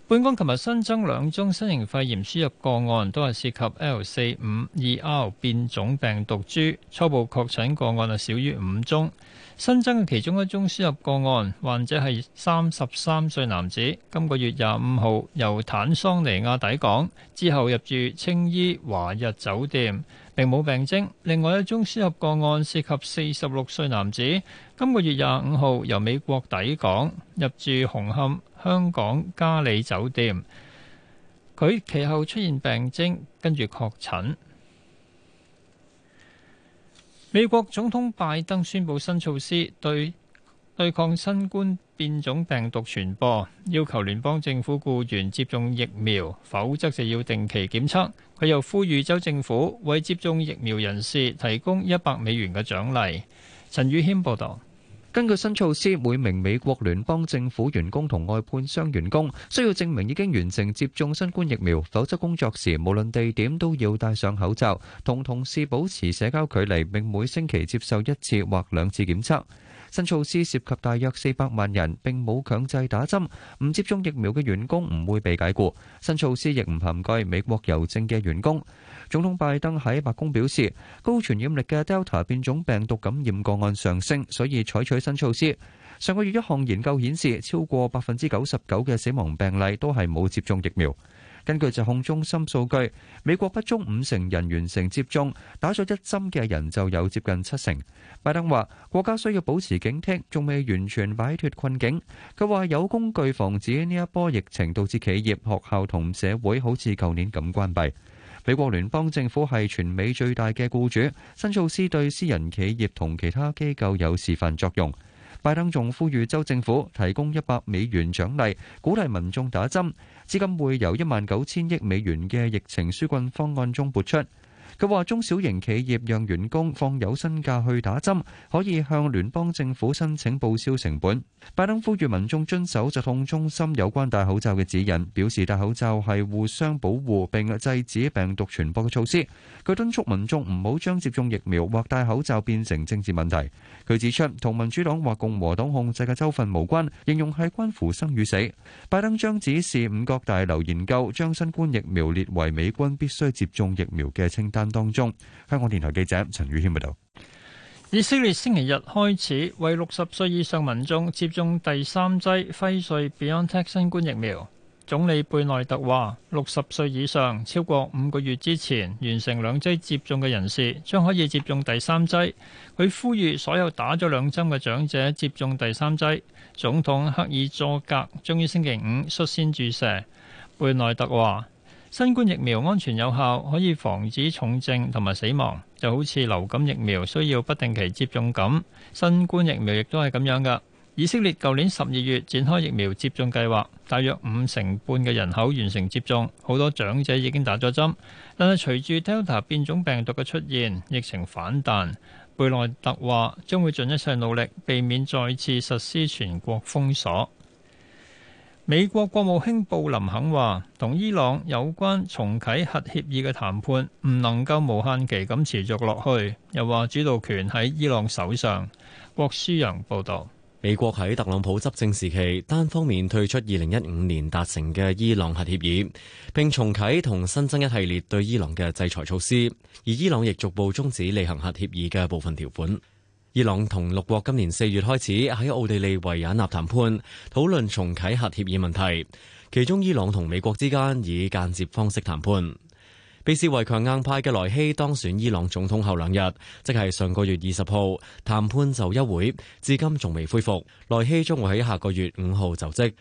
本港琴日新增兩宗新型肺炎輸入個案，都係涉及 L 四五二 R 變種病毒株。初步確診個案係少於五宗。新增嘅其中一宗輸入個案，患者係三十三歲男子，今個月廿五號由坦桑尼亞抵港，之後入住青衣華日酒店，並冇病徵。另外一宗輸入個案涉及四十六歲男子，今個月廿五號由美國抵港，入住紅磡香港嘉里酒店，佢其後出現病徵，跟住確診。美國總統拜登宣布新措施，對對抗新冠變種病毒傳播，要求聯邦政府僱員接種疫苗，否則就要定期檢測。佢又呼籲州政府為接種疫苗人士提供一百美元嘅獎勵。陳宇謙報導。根據新措施，每名美國聯邦政府員工同外判商員工需要證明已經完成接種新冠疫苗，否則工作時，無論地點都要戴上口罩，同同事保持社交距離，並每星期接受一次或兩次檢測。新措施涉及大約總統拜登喺白宮表示，高傳染力嘅 Delta 變種病毒感染個案上升，所以採取新措施。上個月，一項研究顯示，超過百分之九十九嘅死亡病例都係冇接種疫苗。根據疾控中心數據，美國不足五成人完成接種，打咗一針嘅人就有接近七成。拜登話：國家需要保持警惕，仲未完全擺脱困境。佢話有工具防止呢一波疫情導致企業、學校同社會好似舊年咁關閉。美國聯邦政府係全美最大嘅僱主，新措施對私人企業同其他機構有示範作用。拜登仲呼籲州政府提供100佢話中小型企業讓員工放有薪假去打針，可以向聯邦政府申請報銷成本。拜登呼籲民眾遵守疾控中心有關戴口罩嘅指引，表示戴口罩係互相保護並制止病毒傳播嘅措施。佢敦促民眾唔好將接種疫苗或戴口罩變成政治問題。佢指出，同民主黨或共和黨控制嘅州份無關，形容係關乎生與死。拜登將指示五角大樓研究將新冠疫苗列為美軍必須接種疫苗嘅清單。當中，香港電台記者陳宇謙報道：以色列星期日開始為六十歲以上民眾接種第三劑輝瑞 BioNTech 新冠疫苗。總理貝內特話：六十歲以上超過五個月之前完成兩劑接種嘅人士，將可以接種第三劑。佢呼籲所有打咗兩針嘅長者接種第三劑。總統克爾佐格將於星期五率先注射。貝內特話。新冠疫苗安全有效，可以防止重症同埋死亡，就好似流感疫苗需要不定期接種咁。新冠疫苗亦都係咁樣噶。以色列舊年十二月展開疫苗接種計劃，大約五成半嘅人口完成接種，好多長者已經打咗針，但係隨住 Delta 變種病毒嘅出現，疫情反彈，貝內特話將會盡一切努力避免再次實施全國封鎖。美國國務卿布林肯話：同伊朗有關重啟核協議嘅談判唔能夠無限期咁持續落去。又話主導權喺伊朗手上。郭書陽報導，美國喺特朗普執政時期單方面退出二零一五年達成嘅伊朗核協議，並重啟同新增一系列對伊朗嘅制裁措施，而伊朗亦逐步中止履行核協議嘅部分條款。伊朗同六國今年四月開始喺奧地利維也納談判，討論重啟核協議問題。其中，伊朗同美國之間以間接方式談判。被視為強硬派嘅萊希當選伊朗總統後兩日，即係上個月二十號，談判就休會，至今仲未恢復。萊希將會喺下個月五號就職。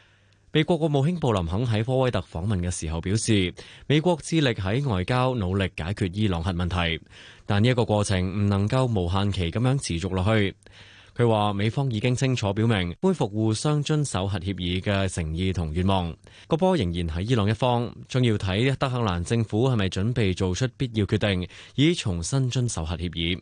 美國國務卿布林肯喺科威特訪問嘅時候表示，美國致力喺外交努力解決伊朗核問題。但呢一個過程唔能夠無限期咁樣持續落去。佢話美方已經清楚表明恢復互相遵守核協議嘅誠意同願望。個波仍然喺伊朗一方，仲要睇德克蘭政府係咪準備做出必要決定，以重新遵守核協議。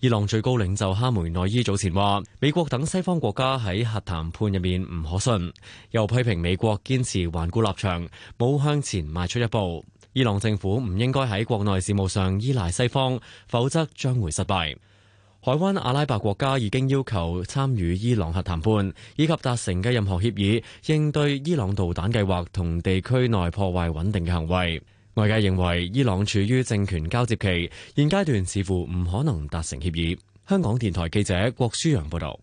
伊朗最高領袖哈梅內伊早前話美國等西方國家喺核談判入面唔可信，又批評美國堅持頑固立場，冇向前邁出一步。伊朗政府唔應該喺國內事務上依賴西方，否則將會失敗。海灣阿拉伯國家已經要求參與伊朗核談判，以及達成嘅任何協議，應對伊朗導彈計劃同地區內破壞穩定嘅行為。外界認為伊朗處於政權交接期，現階段似乎唔可能達成協議。香港電台記者郭舒陽報道。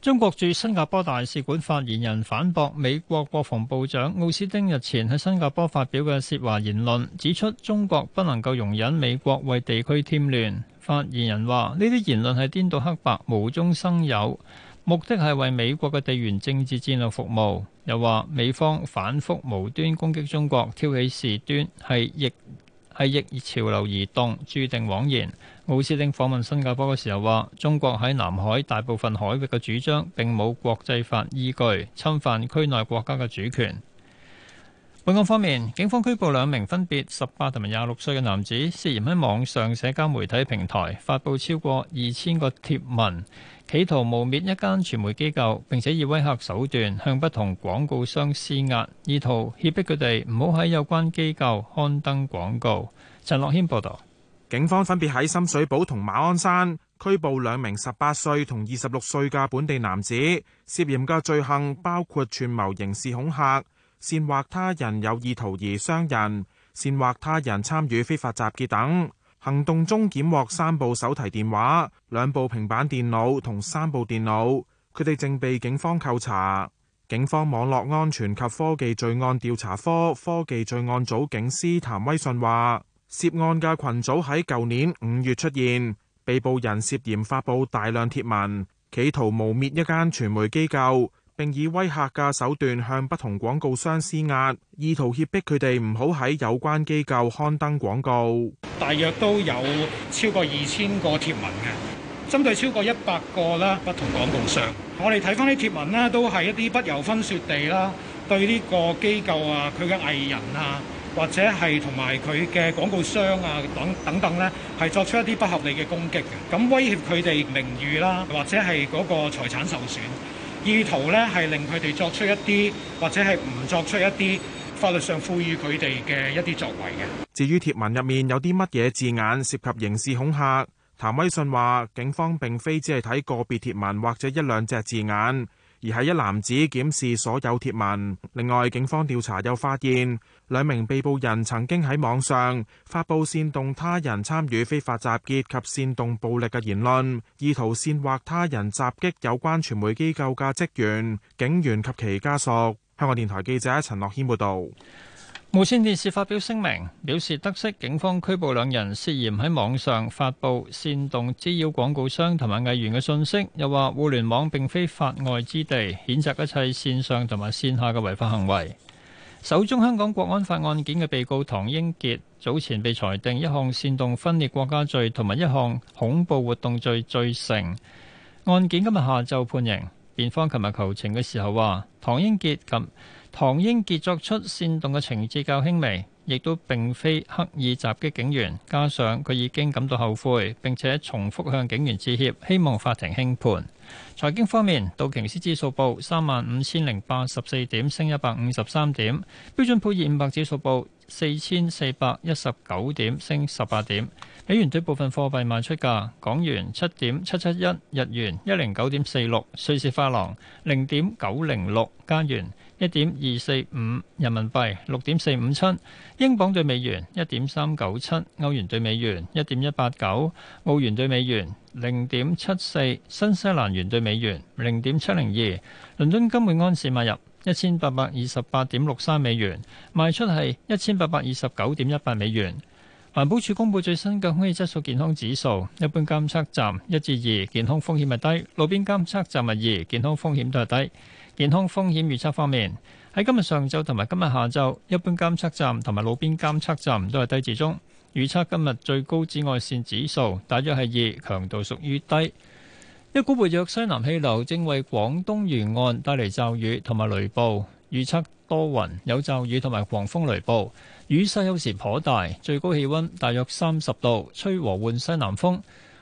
中國駐新加坡大使館發言人反駁美國國防部長奧斯汀日前喺新加坡發表嘅涉華言論，指出中國不能夠容忍美國為地區添亂。發言人話：呢啲言論係顛倒黑白、無中生有，目的係為美國嘅地緣政治戰略服務。又話美方反復無端攻擊中國、挑起事端，係逆。係逆潮流而動，註定枉然。奧斯汀訪問新加坡嘅時候話：中國喺南海大部分海域嘅主張並冇國際法依據，侵犯區內國家嘅主權。本港方面，警方拘捕兩名分別十八同埋廿六歲嘅男子，涉嫌喺網上社交媒體平台發布超過二千個貼文。企圖污衊一間傳媒機構，並且以威嚇手段向不同廣告商施壓，意圖脅迫佢哋唔好喺有關機構刊登廣告。陳樂謙報道，警方分別喺深水埗同馬鞍山拘捕兩名十八歲同二十六歲嘅本地男子，涉嫌嘅罪行包括串謀刑事恐嚇、煽惑他人有意圖而傷人、煽惑他人參與非法集結等。行動中檢獲三部手提電話、兩部平板電腦同三部電腦，佢哋正被警方扣查。警方網絡安全及科技罪案調查科科技罪案組警司譚威信話，涉案嘅群組喺舊年五月出現，被捕人涉嫌發佈大量帖文，企圖誣衊一間傳媒機構。並以威嚇嘅手段向不同廣告商施壓，意圖脅迫佢哋唔好喺有關機構刊登廣告。大約都有超過二千個貼文嘅，針對超過一百個啦，不同廣告商。我哋睇翻啲貼文呢，都係一啲不由分說地啦，對呢個機構啊、佢嘅藝人啊，或者係同埋佢嘅廣告商啊等等等咧，係作出一啲不合理嘅攻擊嘅，咁威脅佢哋名譽啦，或者係嗰個財產受損。意圖咧係令佢哋作出一啲或者係唔作出一啲法律上賦予佢哋嘅一啲作為嘅。至於帖文入面有啲乜嘢字眼涉及刑事恐嚇，譚威信話警方並非只係睇個別帖文或者一兩隻字眼，而係一男子檢視所有帖文。另外，警方調查又發現。兩名被捕人曾經喺網上發布煽動他人參與非法集結及煽動暴力嘅言論，意圖煽惑他人襲擊有關傳媒機構嘅職員、警員及其家屬。香港電台記者陳樂謙報道。無綫電視發表聲明，表示得悉警方拘捕兩人涉嫌喺網上發布煽動滋擾廣告商同埋藝員嘅訊息，又話互聯網並非法外之地，譴責一切綫上同埋綫下嘅違法行為。首宗香港國安法案件嘅被告唐英傑早前被裁定一項煽動分裂國家罪同埋一項恐怖活動罪罪成，案件今日下晝判刑。辯方琴日求情嘅時候話，唐英傑及唐英傑作出煽動嘅情節較輕微。亦都並非刻意襲擊警員，加上佢已經感到後悔，並且重複向警員致歉，希望法庭輕判。財經方面，道瓊斯指數報三萬五千零八十四點，升一百五十三點；標準普爾五百指數報四千四百一十九點，升十八點。美元對部分貨幣賣出價：港元七點七七一，日元一零九點四六，瑞士法郎零點九零六，加元，一點二四五人民幣，六點四五七英鎊對美元，一點三九七歐元對美元，一點一八九澳元對美元，零點七四新西蘭元對美元，零點七零二。倫敦金每安士買入一千八百二十八點六三美元，賣出係一千八百二十九點一八美元。環保署公佈最新嘅空氣質素健康指數，一般監測站一至二，2，健康風險係低；路邊監測站係二，健康風險都係低。健康風險預測方面，喺今日上晝同埋今日下晝，一般監測站同埋路邊監測站都係低至中。預測今日最高紫外線指數大約係二，強度屬於低。一股活躍西南氣流正為廣東沿岸帶嚟驟雨同埋雷暴，預測多雲有驟雨同埋狂風雷暴，雨勢有時頗大。最高氣溫大約三十度，吹和緩西南風，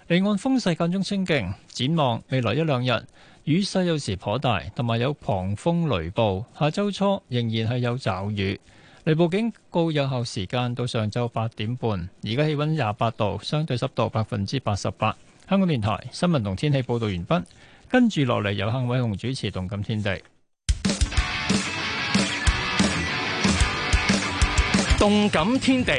離岸風勢間中清勁。展望未來一兩日，雨勢有時頗大，同埋有狂風雷暴。下周初仍然係有驟雨，雷暴警告有效時間到上晝八點半。而家氣溫廿八度，相對濕度百分之八十八。香港電台新聞同天氣報道完畢，跟住落嚟有幸偉雄主持《動感天地》。《動感天地》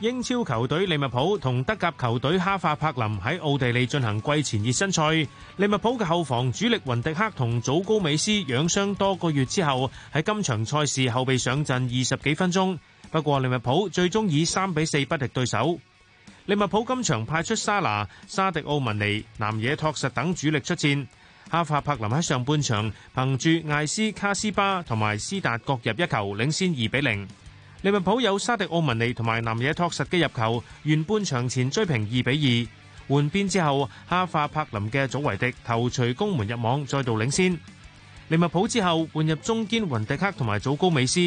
英超球隊利物浦同德甲球隊哈法柏林喺奧地利進行季前熱身賽。利物浦嘅後防主力雲迪克同祖高美斯養傷多個月之後，喺今場賽事後備上陣二十幾分鐘。不過利物浦最終以三比四不敵對手。利物浦今場派出沙拿、沙迪奧文尼、南野托實等主力出戰。哈法柏林喺上半場憑住艾斯卡斯巴同埋斯達各入一球，領先二比零。利物浦有沙迪奧文尼同埋南野拓實嘅入球，完半場前追平二比二。換邊之後，哈化柏林嘅祖維迪頭槌攻門入網，再度領先。利物浦之後換入中堅雲迪克同埋祖高美斯。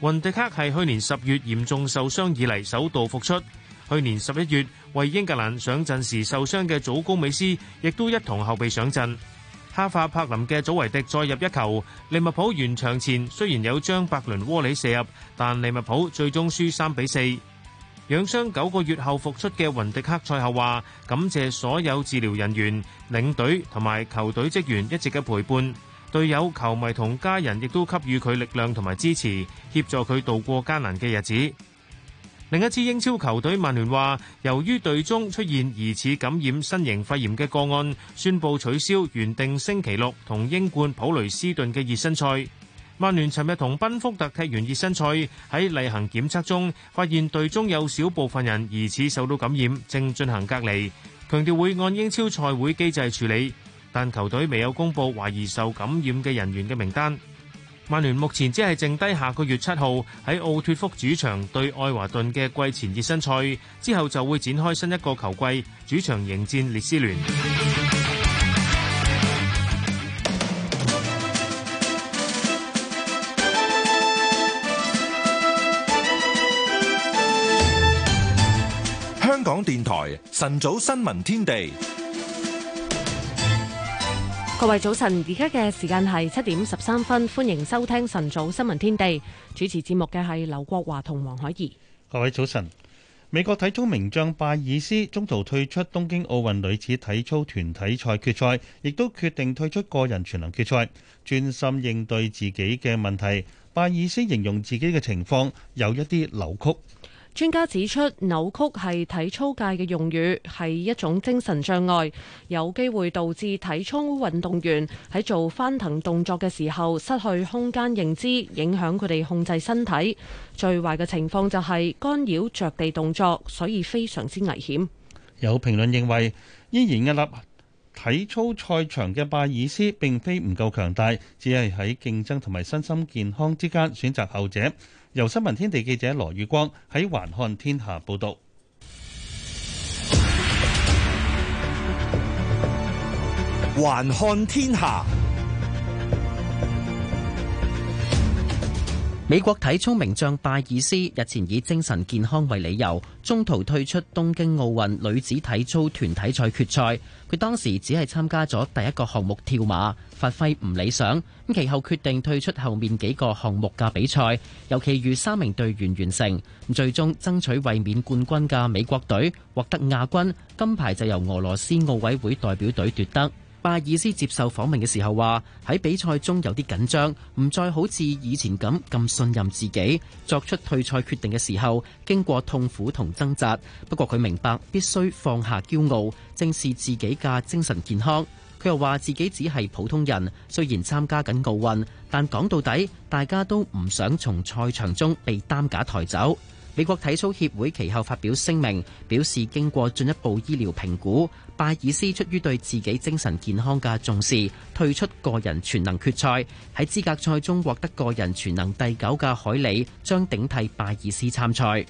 雲迪克係去年十月嚴重受傷以嚟首度復出。去年十一月為英格蘭上陣時受傷嘅祖高美斯，亦都一同後備上陣。哈法柏林嘅祖維迪再入一球，利物浦完場前雖然有將百倫窩里射入，但利物浦最終輸三比四。養傷九個月後復出嘅雲迪克賽後話：感謝所有治療人員、領隊同埋球隊職員一直嘅陪伴，隊友、球迷同家人亦都給予佢力量同埋支持，協助佢度過艱難嘅日子。另一支英超球隊曼聯話，由於隊中出現疑似感染新型肺炎嘅個案，宣布取消原定星期六同英冠普雷斯頓嘅熱身賽。曼聯尋日同賓福特踢完熱身賽，喺例行檢測中發現隊中有小部分人疑似受到感染，正進行隔離，強調會按英超賽會機制處理，但球隊未有公布懷疑受感染的人員的名單。曼聯目前只係剩低下個月七號喺奧脫福主場對愛華頓嘅季前熱身賽，之後就會展開新一個球季，主場迎戰列斯聯。香港電台晨早新聞天地。各位早晨，而家嘅時間係七點十三分，歡迎收聽晨早新聞天地。主持節目嘅係劉國華同黃海怡。各位早晨，美國體操名將拜爾斯中途退出東京奧運女子體操團體賽決賽，亦都決定退出個人全能決賽，專心應對自己嘅問題。拜爾斯形容自己嘅情況有一啲扭曲。專家指出，扭曲係體操界嘅用語，係一種精神障礙，有機會導致體操運動員喺做翻騰動作嘅時候失去空間認知，影響佢哋控制身體。最壞嘅情況就係干擾着地動作，所以非常之危險。有評論認為，依然屹立體操賽場嘅拜爾斯並非唔夠強大，只係喺競爭同埋身心健康之間選擇後者。由新聞天地記者羅宇光喺《環看天下》報道，《環看天下》。美國體操名將拜爾斯日前以精神健康為理由中途退出東京奧運女子體操團體賽決賽佢當時只係參加咗第一個項目跳馬發揮唔理想咁其後決定退出後面幾個項目嘅比賽尤其與三名隊員完成最終爭取衛冕冠軍嘅美國隊獲得亞軍金牌就由俄羅斯奧委會代表隊奪得拜爾斯接受訪問嘅時候話：喺比賽中有啲緊張，唔再好似以前咁咁信任自己，作出退賽決定嘅時候，經過痛苦同掙扎。不過佢明白必須放下驕傲，正視自己嘅精神健康。佢又話自己只係普通人，雖然參加緊奧運，但講到底，大家都唔想從賽場中被擔架抬走。美國體操協會其後發表聲明，表示經過進一步醫療評估，拜爾斯出於對自己精神健康嘅重視，退出個人全能決賽。喺資格賽中獲得個人全能第九嘅海里，將頂替拜爾斯參賽。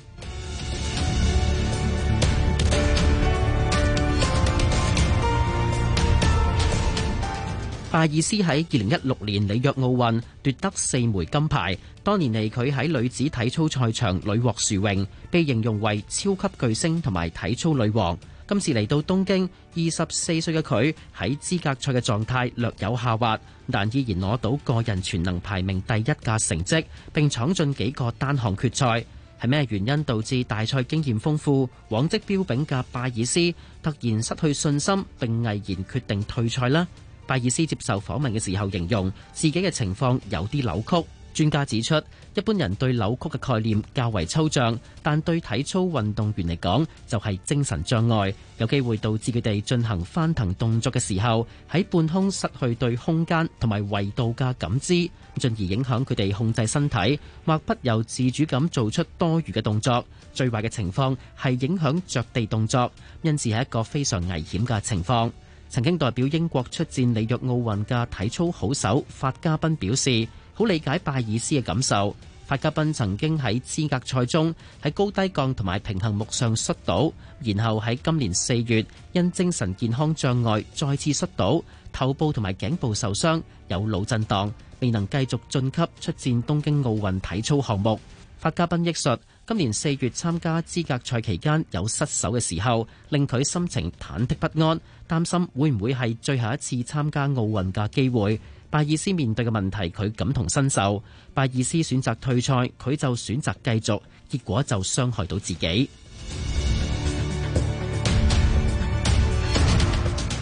拜爾斯喺二零一六年里約奧運奪得四枚金牌，多年嚟佢喺女子體操賽場屢獲殊榮，被形容為超級巨星同埋體操女王。今次嚟到東京，二十四歲嘅佢喺資格賽嘅狀態略有下滑，但依然攞到個人全能排名第一嘅成績，並闖進幾個單項決賽。係咩原因導致大賽經驗豐富、往績標炳嘅拜爾斯突然失去信心，並毅然決定退賽呢？拜爾斯接受訪問嘅時候形容自己嘅情況有啲扭曲。專家指出，一般人對扭曲嘅概念較為抽象，但對體操運動員嚟講就係精神障礙，有機會導致佢哋進行翻騰動作嘅時候喺半空失去對空間同埋維度嘅感知，進而影響佢哋控制身體或不由自主咁做出多餘嘅動作。最壞嘅情況係影響着地動作，因此係一個非常危險嘅情況。曾經代表英國出戰里約奧運嘅體操好手法嘉賓表示，好理解拜爾斯嘅感受。法嘉賓曾經喺資格賽中喺高低槓同埋平衡木上摔倒，然後喺今年四月因精神健康障礙再次摔倒，頭部同埋頸部受傷，有腦震盪，未能繼續晉級出戰東京奧運體操項目。法嘉賓憶述，今年四月參加資格賽期間有失手嘅時候，令佢心情忐忑不安。擔心會唔會係最後一次參加奧運嘅機會，拜爾斯面對嘅問題，佢感同身受。拜爾斯選擇退賽，佢就選擇繼續，結果就傷害到自己。 (music)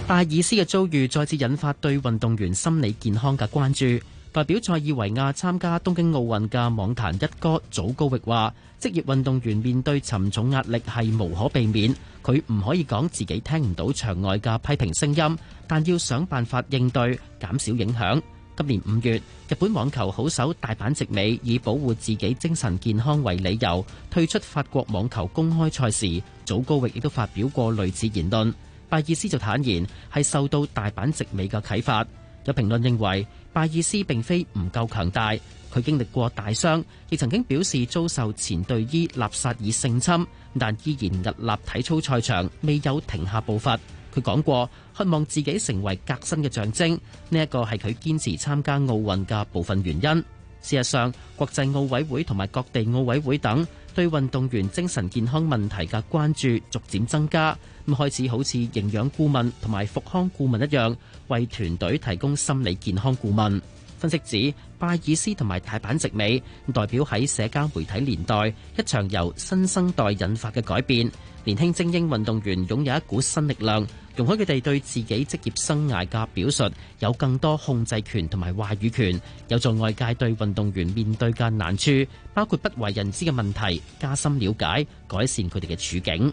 拜爾斯嘅遭遇再次引發對運動員心理健康嘅關注。代表塞爾維亞參加東京奧運嘅網壇一哥祖高域話，職業運動員面對沉重壓力係無可避免。佢唔可以講自己聽唔到場外嘅批評聲音，但要想辦法應對，減少影響。今年五月日本網球好手大阪直美以保護自己精神健康為理由退出法國網球公開賽事，祖高域亦都發表過類似言論。拜爾斯就坦言係受到大阪直美嘅啟發。有評論認為拜爾斯並非唔夠強大，佢經歷過大傷，亦曾經表示遭受前隊醫納薩爾性侵，但依然屹立體操賽場，未有停下步伐。佢講過，渴望自己成為革新嘅象徵，呢一個係佢堅持參加奧運嘅部分原因。事實上，國際奧委會同埋各地奧委會等對運動員精神健康問題嘅關注逐漸增加，咁開始好似營養顧問同埋復康顧問一樣。為團隊提供心理健康顧問。分析指，拜爾斯同埋大阪直美代表喺社交媒體年代一場由新生代引發嘅改變。年輕精英運動員擁有一股新力量，容許佢哋對自己職業生涯嘅表述有更多控制權同埋話語權，有助外界對運動員面對嘅難處，包括不為人知嘅問題，加深了解，改善佢哋嘅處境。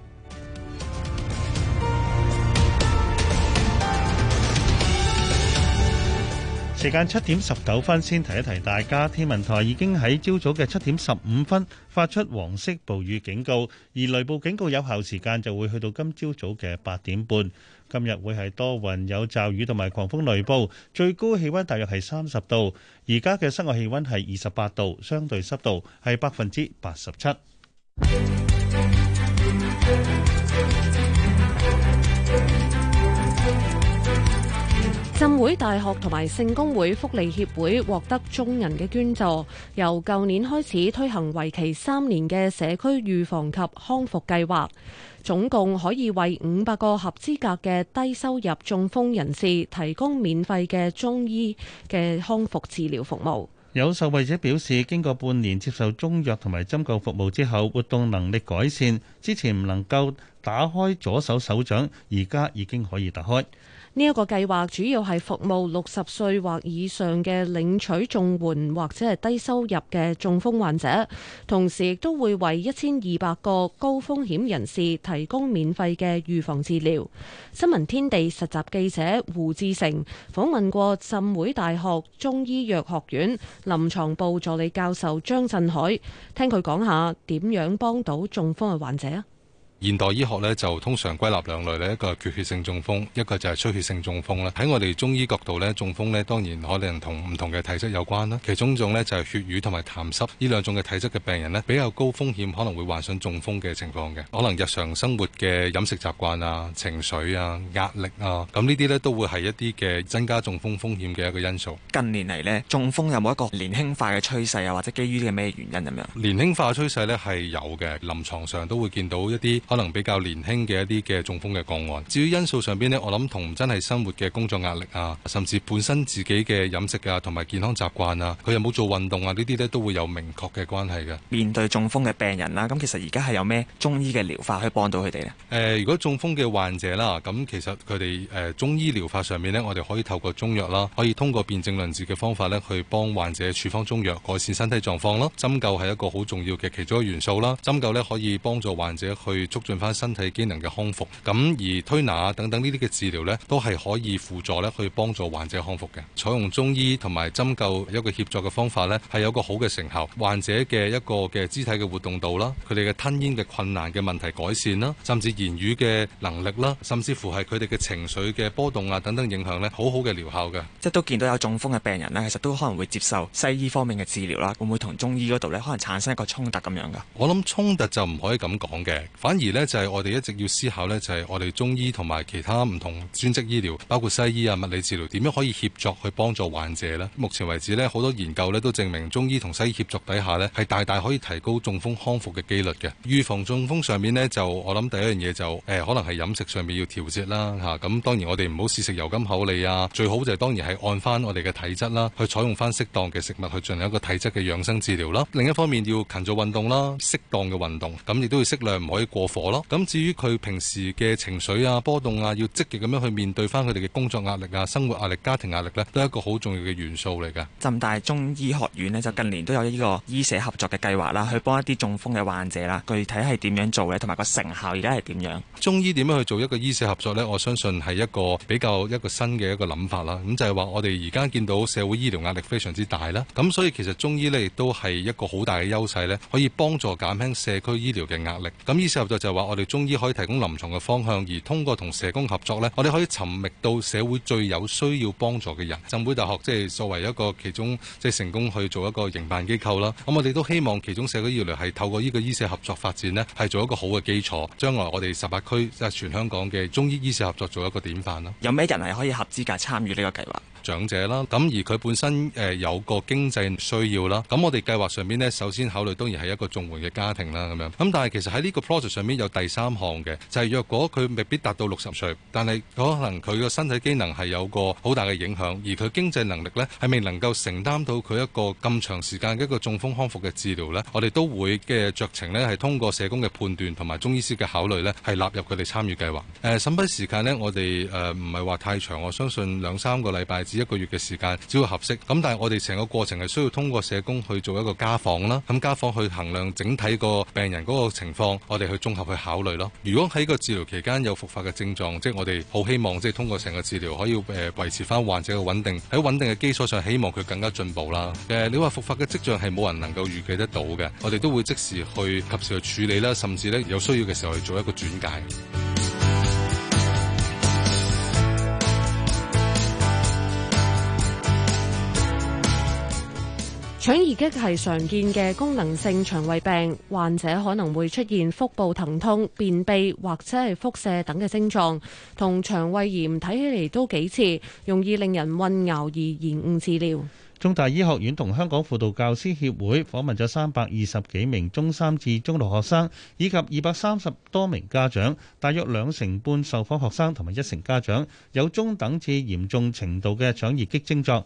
時間七點十九分，先提一提大家。天文台已經喺朝早嘅七點十五分發出黃色暴雨警告，而雷暴警告有效時間就會去到今朝早嘅八點半。今日會係多雲有驟雨同埋狂風雷暴，最高氣溫大約係三十度。而家嘅室外氣溫係二十八度，相對濕度係百分之八十七。浸會大學同埋聖公會福利協會獲得眾人嘅捐助，由舊年開始推行為期三年嘅社區預防及康復計劃，總共可以為五百個合資格嘅低收入中風人士提供免費嘅中醫嘅康復治療服務。有受惠者表示，經過半年接受中藥同埋針灸服務之後，活動能力改善，之前唔能夠打開左手手掌，而家已經可以打開。呢一個計劃主要係服務六十歲或以上嘅領取綜援或者係低收入嘅中風患者，同時亦都會為一千二百個高風險人士提供免費嘅預防治療。新聞天地實習記者胡志成訪問過浸會大學中醫藥學院臨床部助理教授張振海，聽佢講下點樣幫到中風嘅患者啊？現代醫學咧就通常歸納兩類咧，一個係缺血性中風，一個就係出血性中風啦。喺我哋中醫角度咧，中風咧當然可能同唔同嘅體質有關啦。其中一種咧就係血瘀同埋痰濕呢兩種嘅體質嘅病人咧，比較高風險可能會患上中風嘅情況嘅。可能日常生活嘅飲食習慣啊、情緒啊、壓力啊，咁呢啲咧都會係一啲嘅增加中風風險嘅一個因素。近年嚟咧，中風有冇一個年輕化嘅趨勢啊？或者基於啲咩原因咁樣？年輕化趨勢咧係有嘅，臨床上都會見到一啲。可能比較年輕嘅一啲嘅中風嘅個案，至於因素上邊呢，我諗同真係生活嘅工作壓力啊，甚至本身自己嘅飲食啊，同埋健康習慣啊，佢有冇做運動啊，呢啲呢都會有明確嘅關係嘅。面對中風嘅病人啦，咁其實而家係有咩中醫嘅療法可以幫到佢哋呢？誒、呃，如果中風嘅患者啦，咁其實佢哋誒中醫療法上面呢，我哋可以透過中藥啦，可以通過辨證論治嘅方法呢，去幫患者處方中藥改善身體狀況咯。針灸係一個好重要嘅其中一個元素啦，針灸呢，可以幫助患者去。促進身體機能嘅康復，咁而推拿等等呢啲嘅治療咧，都係可以輔助咧，去幫助患者康復嘅。採用中醫同埋針灸一個協助嘅方法咧，係有個好嘅成效。患者嘅一個嘅肢體嘅活動度啦，佢哋嘅吞嚥嘅困難嘅問題改善啦，甚至言語嘅能力啦，甚至乎係佢哋嘅情緒嘅波動啊等等影響咧，好好嘅療效嘅。即都見到有中風嘅病人咧，其實都可能會接受西醫方面嘅治療啦，會唔會同中醫嗰度咧，可能產生一個衝突咁樣噶？我諗衝突就唔可以咁講嘅，反而。而咧就係我哋一直要思考呢，就係我哋中醫同埋其他唔同專職醫療，包括西醫啊、物理治療，點樣可以協助去幫助患者呢？目前為止呢好多研究咧都證明中醫同西醫協作底下呢，係大大可以提高中風康復嘅幾率嘅。預防中風上面呢，就我諗第一樣嘢就誒、欸，可能係飲食上面要調節啦，吓咁。當然我哋唔好試食油甘厚膩啊，最好就係當然係按翻我哋嘅體質啦，去採用翻適當嘅食物去進行一個體質嘅養生治療啦。另一方面要勤做運動啦，適當嘅運動，咁亦都要適量，唔可以過。咁至於佢平時嘅情緒啊、波動啊，要積極咁樣去面對返佢哋嘅工作壓力啊、生活壓力、家庭壓力呢，都係一個好重要嘅元素嚟㗎。浸大中醫學院呢，就近年都有呢個醫社合作嘅計劃啦，去幫一啲中風嘅患者啦。具體係點樣做呢？同埋個成效而家係點樣？中醫點樣去做一個醫社合作呢？我相信係一個比較一個新嘅一個諗法啦。咁就係話我哋而家見到社會醫療壓力非常之大啦，咁所以其實中醫呢，亦都係一個好大嘅優勢呢，可以幫助減輕社區醫療嘅壓力。咁醫社合作就係就話我哋中醫可以提供臨床嘅方向，而通過同社工合作咧，我哋可以尋覓到社會最有需要幫助嘅人。浸會大學即係作為一個其中即係、就是、成功去做一個營辦機構啦。咁我哋都希望其中社區醫療係透過呢個醫社合作發展咧，係做一個好嘅基礎。將來我哋十八區即係全香港嘅中醫醫社合作，做一個典範咯。有咩人係可以合資格參與呢個計劃？長者啦，咁而佢本身誒有個經濟需要啦。咁我哋計劃上邊咧，首先考慮當然係一個綜援嘅家庭啦，咁樣。咁但係其實喺呢個 project 上邊。有第三項嘅，就係若果佢未必達到六十歲，但係可能佢個身體機能係有個好大嘅影響，而佢經濟能力呢係未能夠承擔到佢一個咁長時間一個中風康復嘅治療呢，我哋都會嘅酌情呢係通過社工嘅判斷同埋中醫師嘅考慮呢係納入佢哋參與計劃。誒審批時間呢，我哋誒唔係話太長，我相信兩三個禮拜至一個月嘅時間，只要合適。咁但係我哋成個過程係需要通過社工去做一個家訪啦，咁家訪去衡量整體個病人嗰個情況，我哋去中。去考慮咯。如果喺個治療期間有復發嘅症狀，即係我哋好希望，即係通過成個治療可以誒維持翻患者嘅穩定。喺穩定嘅基礎上，希望佢更加進步啦。誒，你話復發嘅跡象係冇人能夠預計得到嘅，我哋都會即時去及時去處理啦，甚至咧有需要嘅時候去做一個轉介。腸易激係常見嘅功能性腸胃病，患者可能會出現腹部疼痛、便秘或者係腹瀉等嘅症狀，同腸胃炎睇起嚟都幾似，容易令人混淆而延誤治療。中大醫學院同香港輔導教師協會訪問咗三百二十幾名中三至中六學生以及二百三十多名家長，大約兩成半受訪學生同埋一成家長有中等至嚴重程度嘅腸易激症狀。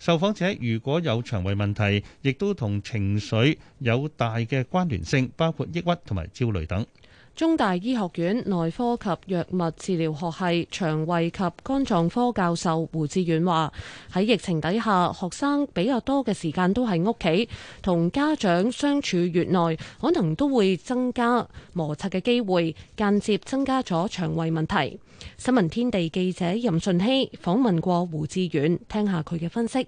受訪者如果有腸胃問題，亦都同情緒有大嘅關聯性，包括抑鬱同埋焦慮等。中大醫學院內科及藥物治療學系腸胃及肝臟科教授胡志遠話：喺疫情底下，學生比較多嘅時間都喺屋企，同家長相處越耐，可能都會增加摩擦嘅機會，間接增加咗腸胃問題。新聞天地記者任順希訪問過胡志遠，聽下佢嘅分析。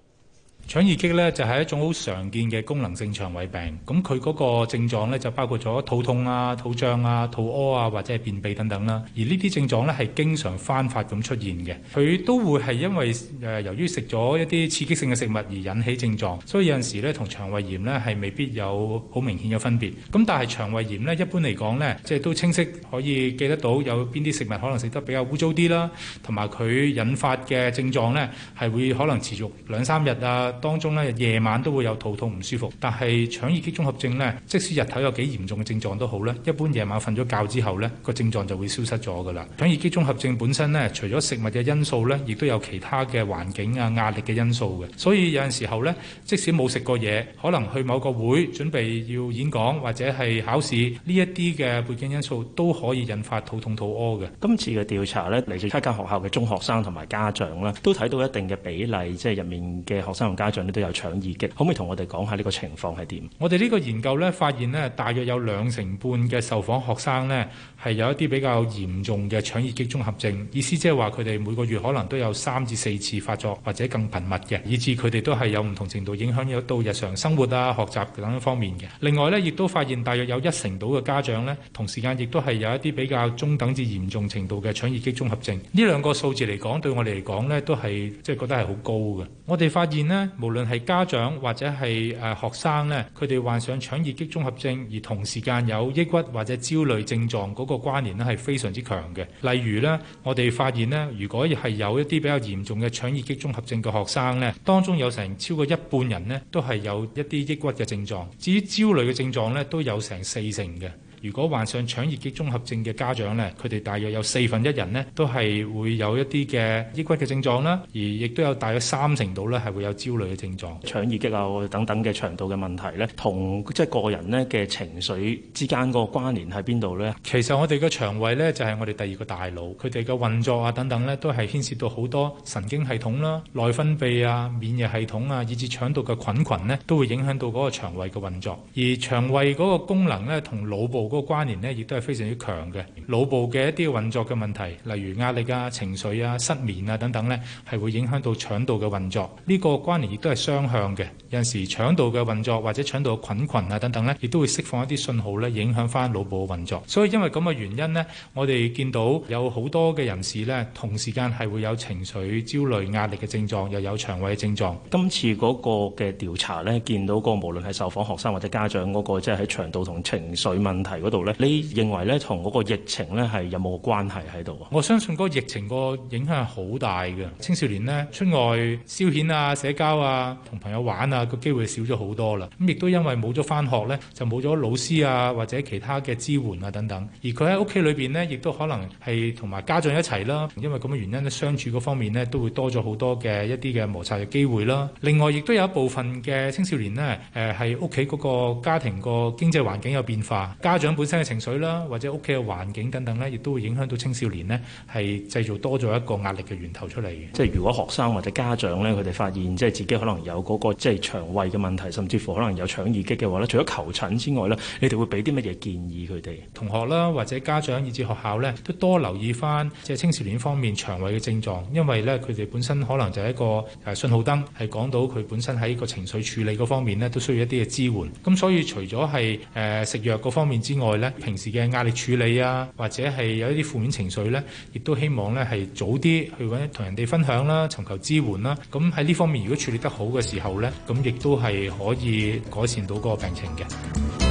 腸易激呢，就係一種好常見嘅功能性腸胃病，咁佢嗰個症狀呢，就包括咗肚痛啊、肚脹啊、肚屙啊，或者係便秘等等啦。而呢啲症狀呢，係經常翻發咁出現嘅，佢都會係因為誒由於食咗一啲刺激性嘅食物而引起症狀，所以有陣時呢，同腸胃炎呢，係未必有好明顯嘅分別。咁但係腸胃炎呢，一般嚟講呢，即係都清晰可以記得到有邊啲食物可能食得比較污糟啲啦，同埋佢引發嘅症狀呢，係會可能持續兩三日啊。當中咧夜晚都會有肚痛唔舒服，但係腸易激綜合症咧，即使日頭有幾嚴重嘅症狀都好咧，一般夜晚瞓咗覺之後咧，個症狀就會消失咗㗎啦。腸易激綜合症本身咧，除咗食物嘅因素咧，亦都有其他嘅環境啊、壓力嘅因素嘅，所以有陣時候咧，即使冇食過嘢，可能去某個會準備要演講或者係考試呢一啲嘅背景因素都可以引發肚痛肚、肚屙嘅。今次嘅調查咧，嚟自一間學校嘅中學生同埋家長啦，都睇到一定嘅比例，即係入面嘅學生同家長咧都有搶耳機，可唔可以同我哋講下呢個情況係點？我哋呢個研究呢，發現呢，大約有兩成半嘅受訪學生呢。係有一啲比較嚴重嘅腸易激綜合症，意思即係話佢哋每個月可能都有三至四次發作，或者更頻密嘅，以致佢哋都係有唔同程度影響到日常生活啊、學習等方面嘅。另外呢，亦都發現大約有一成度嘅家長呢，同時間亦都係有一啲比較中等至嚴重程度嘅腸易激綜合症。呢兩個數字嚟講，對我哋嚟講呢，都係即係覺得係好高嘅。我哋發現呢，無論係家長或者係誒、呃、學生呢，佢哋患上腸易激綜合症而同時間有抑鬱或者焦慮症狀嗰、那個，個關聯咧係非常之強嘅，例如咧，我哋發現咧，如果係有一啲比較嚴重嘅腸易激綜合症嘅學生咧，當中有成超過一半人咧，都係有一啲抑鬱嘅症狀，至於焦慮嘅症狀咧，都有成四成嘅。如果患上腸易激綜合症嘅家長呢，佢哋大約有四分一人咧，都係會有一啲嘅抑鬱嘅症狀啦，而亦都有大約三成度咧，係會有焦慮嘅症狀、腸易激啊等等嘅腸道嘅問題呢，同即係個人咧嘅情緒之間個關聯喺邊度呢？其實我哋嘅腸胃呢，就係、是、我哋第二個大腦，佢哋嘅運作啊等等呢，都係牽涉到好多神經系統啦、內分泌啊、免疫系統啊，以至腸道嘅菌群呢，都會影響到嗰個腸胃嘅運作，而腸胃嗰個功能呢，同腦部。個關聯呢，亦都係非常之強嘅。腦部嘅一啲運作嘅問題，例如壓力啊、情緒啊、失眠啊等等呢，係會影響到腸道嘅運作。呢個關聯亦都係雙向嘅。有陣時腸道嘅運作或者腸道菌群啊等等呢，亦都會釋放一啲信號呢，影響翻腦部嘅運作。所以因為咁嘅原因呢，我哋見到有好多嘅人士呢，同時間係會有情緒焦慮、壓力嘅症狀，又有腸胃嘅症狀。今次嗰個嘅調查呢，見到個無論係受訪學生或者家長嗰個，即係喺腸道同情緒問題。度咧，你認為咧同嗰個疫情咧係有冇關係喺度啊？我相信嗰個疫情個影響係好大嘅。青少年呢，出外消遣啊、社交啊、同朋友玩啊，個機會少咗好多啦。咁亦都因為冇咗返學咧，就冇咗老師啊或者其他嘅支援啊等等。而佢喺屋企裏邊呢，亦都可能係同埋家長一齊啦。因為咁嘅原因咧，相處嗰方面呢，都會多咗好多嘅一啲嘅摩擦嘅機會啦。另外，亦都有一部分嘅青少年呢，誒係屋企嗰個家庭個經濟環境有變化，家長，本身嘅情緒啦，或者屋企嘅環境等等咧，亦都會影響到青少年呢，係製造多咗一個壓力嘅源頭出嚟。即係如果學生或者家長咧，佢哋、嗯、發現即係自己可能有嗰、那個即係腸胃嘅問題，甚至乎可能有腸易激嘅話咧，除咗求診之外咧，你哋會俾啲乜嘢建議佢哋？同學啦，或者家長以至學校咧，都多留意翻即係青少年方面腸胃嘅症狀，因為咧佢哋本身可能就係一個誒信號燈，係講到佢本身喺個情緒處理嗰方面咧，都需要一啲嘅支援。咁所以除咗係誒食藥嗰方面之，之外咧，平時嘅壓力處理啊，或者係有一啲負面情緒咧，亦都希望咧係早啲去搵同人哋分享啦，尋求支援啦。咁喺呢方面，如果處理得好嘅時候咧，咁亦都係可以改善到嗰個病情嘅。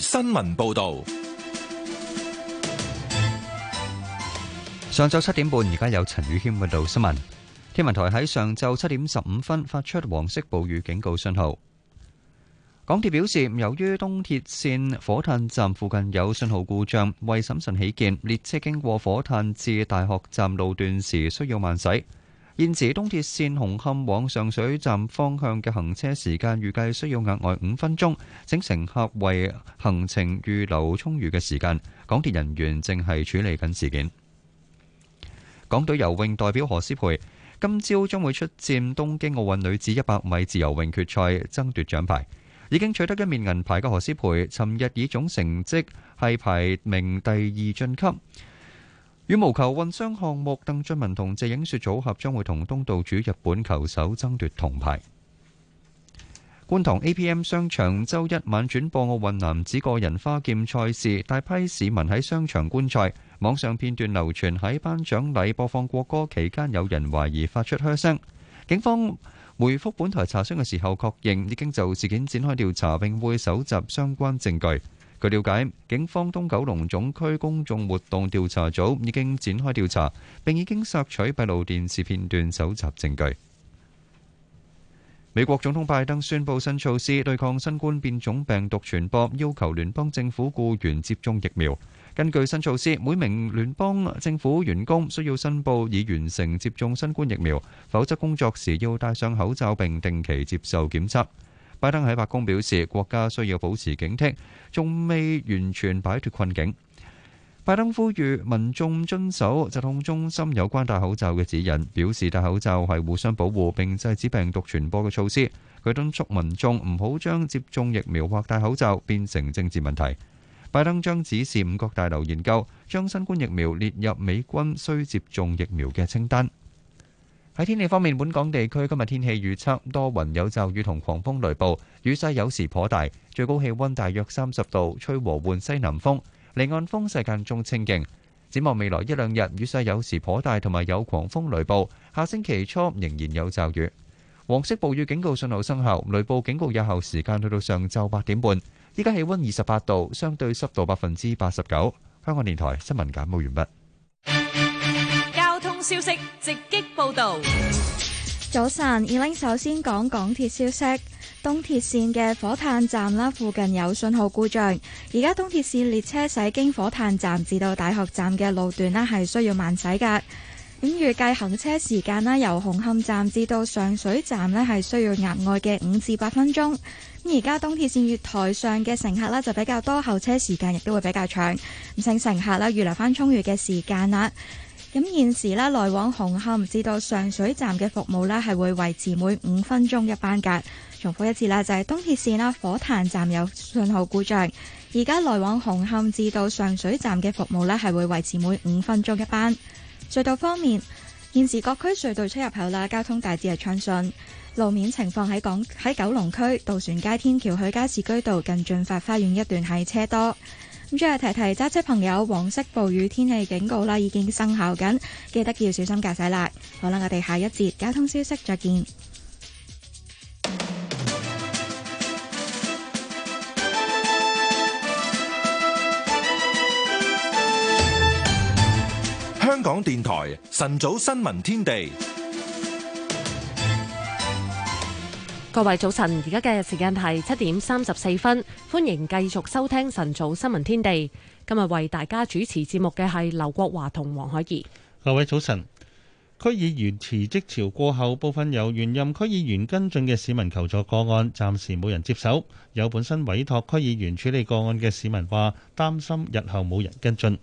新聞報道。上晝七點半，而家有陳宇謙報道新聞。天文台喺上晝七點十五分發出黃色暴雨警告信號。港鐵表示，由於東鐵綫火炭站附近有信號故障，為審慎起見，列車經過火炭至大學站路段時需要慢駛。現時東鐵線紅磡往上水站方向嘅行車時間預計需要額外五分鐘，請乘客為行程預留充裕嘅時間。港鐵人員正係處理緊事件。港隊游泳代表何詩蓓今朝將會出戰東京奧運女子一百米自由泳決賽，爭奪獎牌。已經取得一面銀牌嘅何詩蓓尋日以總成績係排名第二晉級。羽毛球混雙項目，鄧俊文同謝影雪組合將會同東道主日本球手爭奪銅牌。觀塘 APM 商場周一晚轉播奧運男子個人花劍賽事，大批市民喺商場觀賽，網上片段流傳喺頒獎禮播放國歌期間，有人懷疑發出噓聲。警方回覆本台查詢嘅時候，確認已經就事件展開調查，並會搜集相關證據。據了解，警方東九龍總區公眾活動調查組已經展開調查，並已經索取閉路電視片段搜集證據。美國總統拜登宣布新措施對抗新冠變種病毒傳播，要求聯邦政府雇員接種疫苗。根據新措施，每名聯邦政府員工需要申報已完成接種新冠疫苗，否則工作時要戴上口罩並定期接受檢測。拜登喺白宮表示，國家需要保持警惕，仲未完全擺脱困境。拜登呼籲民眾遵守疾控中心有關戴口罩嘅指引，表示戴口罩係互相保護並制止病毒傳播嘅措施。佢敦促民眾唔好將接種疫苗或戴口罩變成政治問題。拜登將指示五角大樓研究，將新冠疫苗列入美軍需接種疫苗嘅清單。喺天氣方面，本港地區今日天，天氣預測多雲有驟雨同狂風雷暴，雨勢有時頗大，最高氣溫大約三十度，吹和緩西南風，離岸風勢間中清勁。展望未來一兩日，雨勢有時頗大，同埋有狂風雷暴。下星期初仍然有驟雨，黃色暴雨警告信號生效，雷暴警告有效時間去到上晝八點半。依家氣溫二十八度，相對濕度百分之八十九。香港電台新聞簡報完畢。消息直擊報道。早晨，二零首先講港鐵消息。東鐵綫嘅火炭站啦，附近有信號故障，而家東鐵綫列車駛經火炭站至到大學站嘅路段啦，係需要慢駛噶咁預計行車時間啦，由紅磡站至到上水站咧，係需要額外嘅五至八分鐘。咁而家東鐵綫月台上嘅乘客啦，就比較多，候車時間亦都會比較長。唔請乘客啦預留翻充裕嘅時間啦。咁現時咧，來往紅磡至到上水站嘅服務咧，係會維持每五分鐘一班噶。重複一次啦，就係東鐵線啦，火炭站有信號故障，而家來往紅磡至到上水站嘅服務咧，係會維持每五分鐘一班。隧道方面，現時各區隧道出入口啦，交通大致係暢順。路面情況，喺港喺九龍區渡船街天橋去加士居道近駿發花園一段係車多。咁，再提提揸車朋友，黃色暴雨天氣警告啦，已經生效緊，記得要小心駕駛啦。好啦，我哋下一節交通消息再見。香港電台晨早新聞天地。各位早晨，而家嘅時間係七點三十四分，歡迎繼續收聽晨早新聞天地。今日為大家主持節目嘅係劉國華同黃海怡。各位早晨，區議員辭職潮過後，部分由原任區議員跟進嘅市民求助個案，暫時冇人接手。有本身委託區議員處理個案嘅市民話，擔心日後冇人跟進。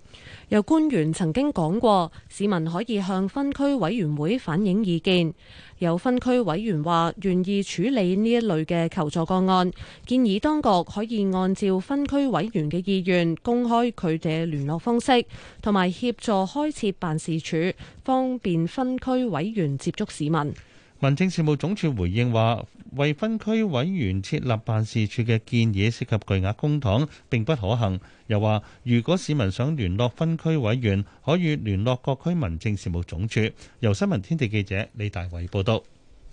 有官員曾經講過，市民可以向分區委員會反映意見。有分區委員話願意處理呢一類嘅求助個案，建議當局可以按照分區委員嘅意願公開佢哋聯絡方式，同埋協助開設辦事處，方便分區委員接觸市民。民政事務總署回應話，為分區委員設立辦事處嘅建議涉及巨額公帑，並不可行。又話，如果市民想聯絡分區委員，可以聯絡各區民政事務總署。由新聞天地記者李大偉報道。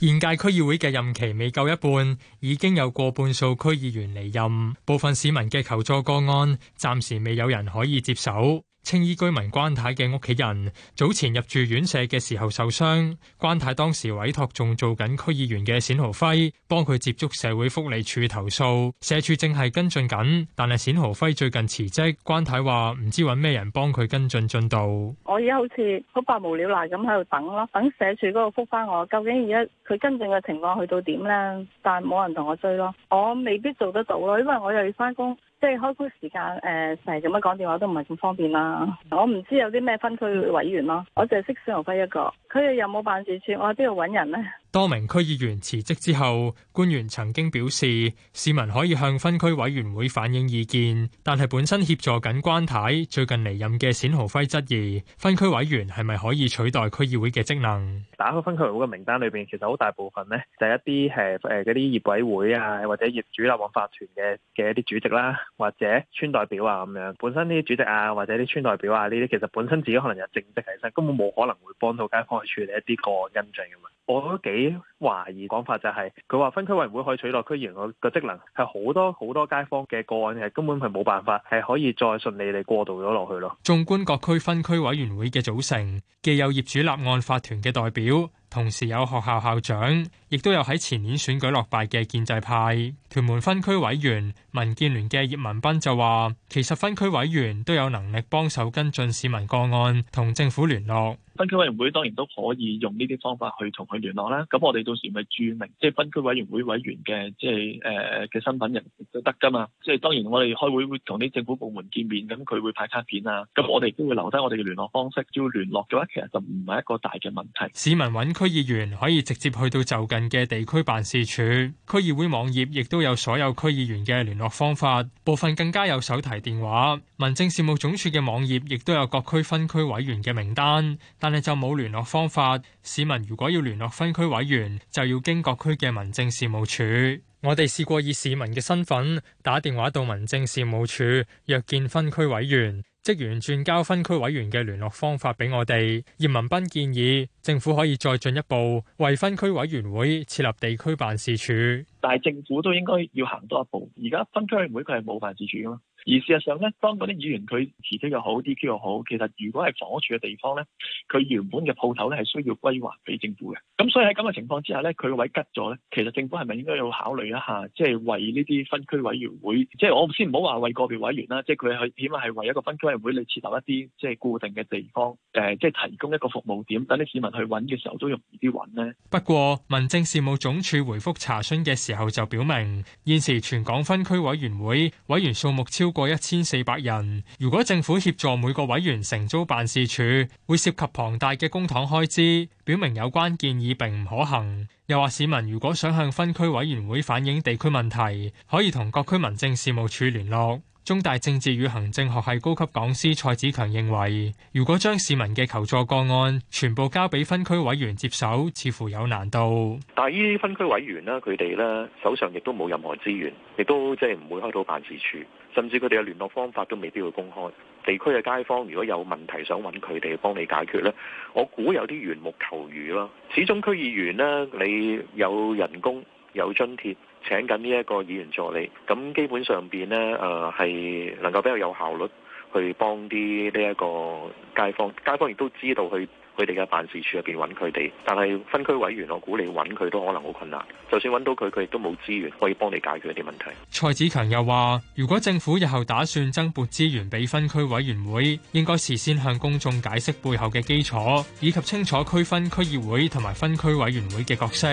現屆區議會嘅任期未夠一半，已經有過半數區議員離任，部分市民嘅求助個案暫時未有人可以接手。青衣居民關太嘅屋企人早前入住院舍嘅時候受傷，關太當時委託仲做緊區議員嘅冼豪輝幫佢接觸社會福利署投訴，社署正係跟進緊，但係冼豪輝最近辭職，關太話唔知揾咩人幫佢跟進進度。我而家好似好百無聊賴咁喺度等咯，等社署嗰度覆翻我，究竟而家佢跟進嘅情況去到點呢？但係冇人同我追咯，我未必做得到咯，因為我又要翻工。.即係開區時間，誒、呃，成日咁樣講電話都唔係咁方便啦。 (music) 我唔知有啲咩分區委員咯，我淨係識孫鴻輝一個。佢哋有冇辦事處？我喺邊度搵人咧。 (laughs) 多名區議員辭職之後，官員曾經表示市民可以向分區委員會反映意見，但係本身協助緊關太太最近離任嘅冼豪輝質疑分區委員係咪可以取代區議會嘅職能。打開分區委員會嘅名單裏邊，其實好大部分呢就係一啲誒誒嗰啲業委會啊或者業主立案法團嘅嘅一啲主席啦，或者村代表啊咁樣，本身啲主席啊或者啲村代表啊呢啲其實本身自己可能有正職喺身，根本冇可能會幫到街坊去處理一啲個案跟進嘅嘛。我幾。懷疑講法就係，佢話分區委員會可以取代區議員個職能，係好多好多街坊嘅個案，係根本係冇辦法，係可以再順利地過渡咗落去咯。縱觀各區分區委員會嘅組成，既有業主立案法團嘅代表，同時有學校校長。亦都有喺前年選舉落敗嘅建制派屯門分區委員民建聯嘅葉文斌就話：其實分區委員都有能力幫手跟進市民個案同政府聯絡。分區委員會當然都可以用呢啲方法去同佢聯絡啦。咁我哋到時咪註明即係分區委員會委員嘅即係誒嘅身份人就得㗎嘛。即係當然我哋開會會同啲政府部門見面，咁佢會派卡片啊。咁我哋都會留低我哋嘅聯絡方式。只要聯絡嘅話，其實就唔係一個大嘅問題。市民揾區議員可以直接去到就近。嘅地區辦事處，區議會網頁亦都有所有區議員嘅聯絡方法，部分更加有手提電話。民政事務總署嘅網頁亦都有各區分區委員嘅名單，但係就冇聯絡方法。市民如果要聯絡分區委員，就要經各區嘅民政事務處。我哋試過以市民嘅身份打電話到民政事務處約見分區委員。職員轉交分區委員嘅聯絡方法俾我哋。葉文斌建議政府可以再進一步為分區委員會設立地區辦事處，但係政府都應該要行多一步。而家分區委員會佢係冇辦事處噶嘛？而事實上咧，當嗰啲議員佢辭職又好，DQ 又好，其實如果係房屋署嘅地方咧，佢原本嘅鋪頭咧係需要歸還俾政府嘅。咁、嗯、所以喺咁嘅情況之下咧，佢個位吉咗咧，其實政府係咪應該要考慮一下，即係為呢啲分區委員會，即係我先唔好話為個別委員啦，即係佢去，起碼係為一個分區委員會，你設立一啲即係固定嘅地方，誒、呃，即係提供一個服務點，等啲市民去揾嘅時候都容易啲揾呢。不過民政事務總署回覆查詢嘅時候就表明，現時全港分區委員會委員數目超超過一千四百人。如果政府協助每個委員承租辦事處，會涉及龐大嘅公帑開支，表明有關建議並唔可行。又話市民如果想向分區委員會反映地區問題，可以同各區民政事務處聯絡。中大政治與行政學系高級講師蔡子強認為，如果將市民嘅求助個案全部交俾分區委員接手，似乎有難度。但係呢啲分區委員咧，佢哋咧手上亦都冇任何資源，亦都即係唔會開到辦事處，甚至佢哋嘅聯絡方法都未必會公開。地區嘅街坊如果有問題，想揾佢哋幫你解決咧，我估有啲緣木求魚啦，始終區議員咧，你有人工，有津貼。請緊呢一個議員助理，咁基本上邊呢誒係能夠比較有效率去幫啲呢一個街坊，街坊亦都知道去佢哋嘅辦事處入邊揾佢哋。但係分區委員，我估你揾佢都可能好困難。就算揾到佢，佢亦都冇資源可以幫你解決啲問題。蔡子強又話，如果政府日後打算增撥資源俾分區委員會，應該事先向公眾解釋背後嘅基礎，以及清楚區分區議會同埋分區委員會嘅角色。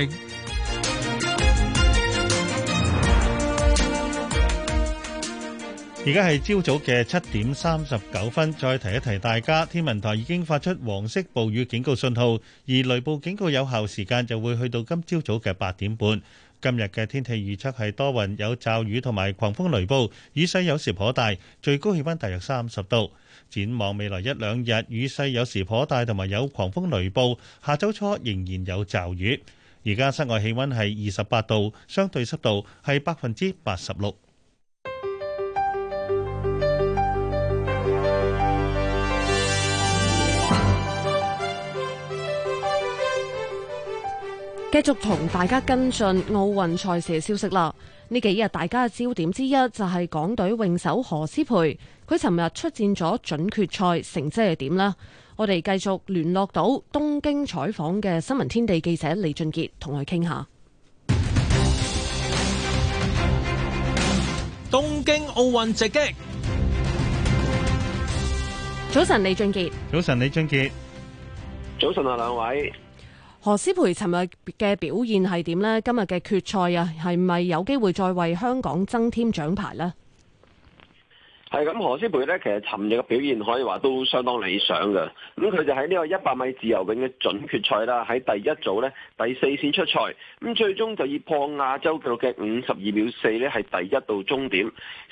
而家係朝早嘅七點三十九分，再提一提大家，天文台已經發出黃色暴雨警告信號，而雷暴警告有效時間就會去到今朝早嘅八點半。今日嘅天氣預測係多雲有驟雨同埋狂風雷暴，雨勢有時頗大，最高氣温大約三十度。展望未來一兩日，雨勢有時頗大同埋有狂風雷暴，下週初仍然有驟雨。而家室外氣温係二十八度，相對濕度係百分之八十六。繼續同大家跟進奧運賽事嘅消息啦。呢幾日大家嘅焦點之一就係港隊泳手何詩蓓，佢尋日出戰咗準決賽，成績係點呢？我哋繼續聯絡到東京採訪嘅新聞天地記者李俊杰，同佢傾下。東京奧運直擊。早晨，李俊杰。早晨，李俊杰。早晨啊，兩位。何詩蓓尋日嘅表現係點呢？今日嘅決賽啊，係咪有機會再為香港增添獎牌呢？係咁，何詩蓓呢？其實尋日嘅表現可以話都相當理想嘅。咁、嗯、佢就喺呢個一百米自由泳嘅準決賽啦，喺第一組呢，第四線出賽，咁最終就以破亞洲紀錄嘅五十二秒四呢係第一到終點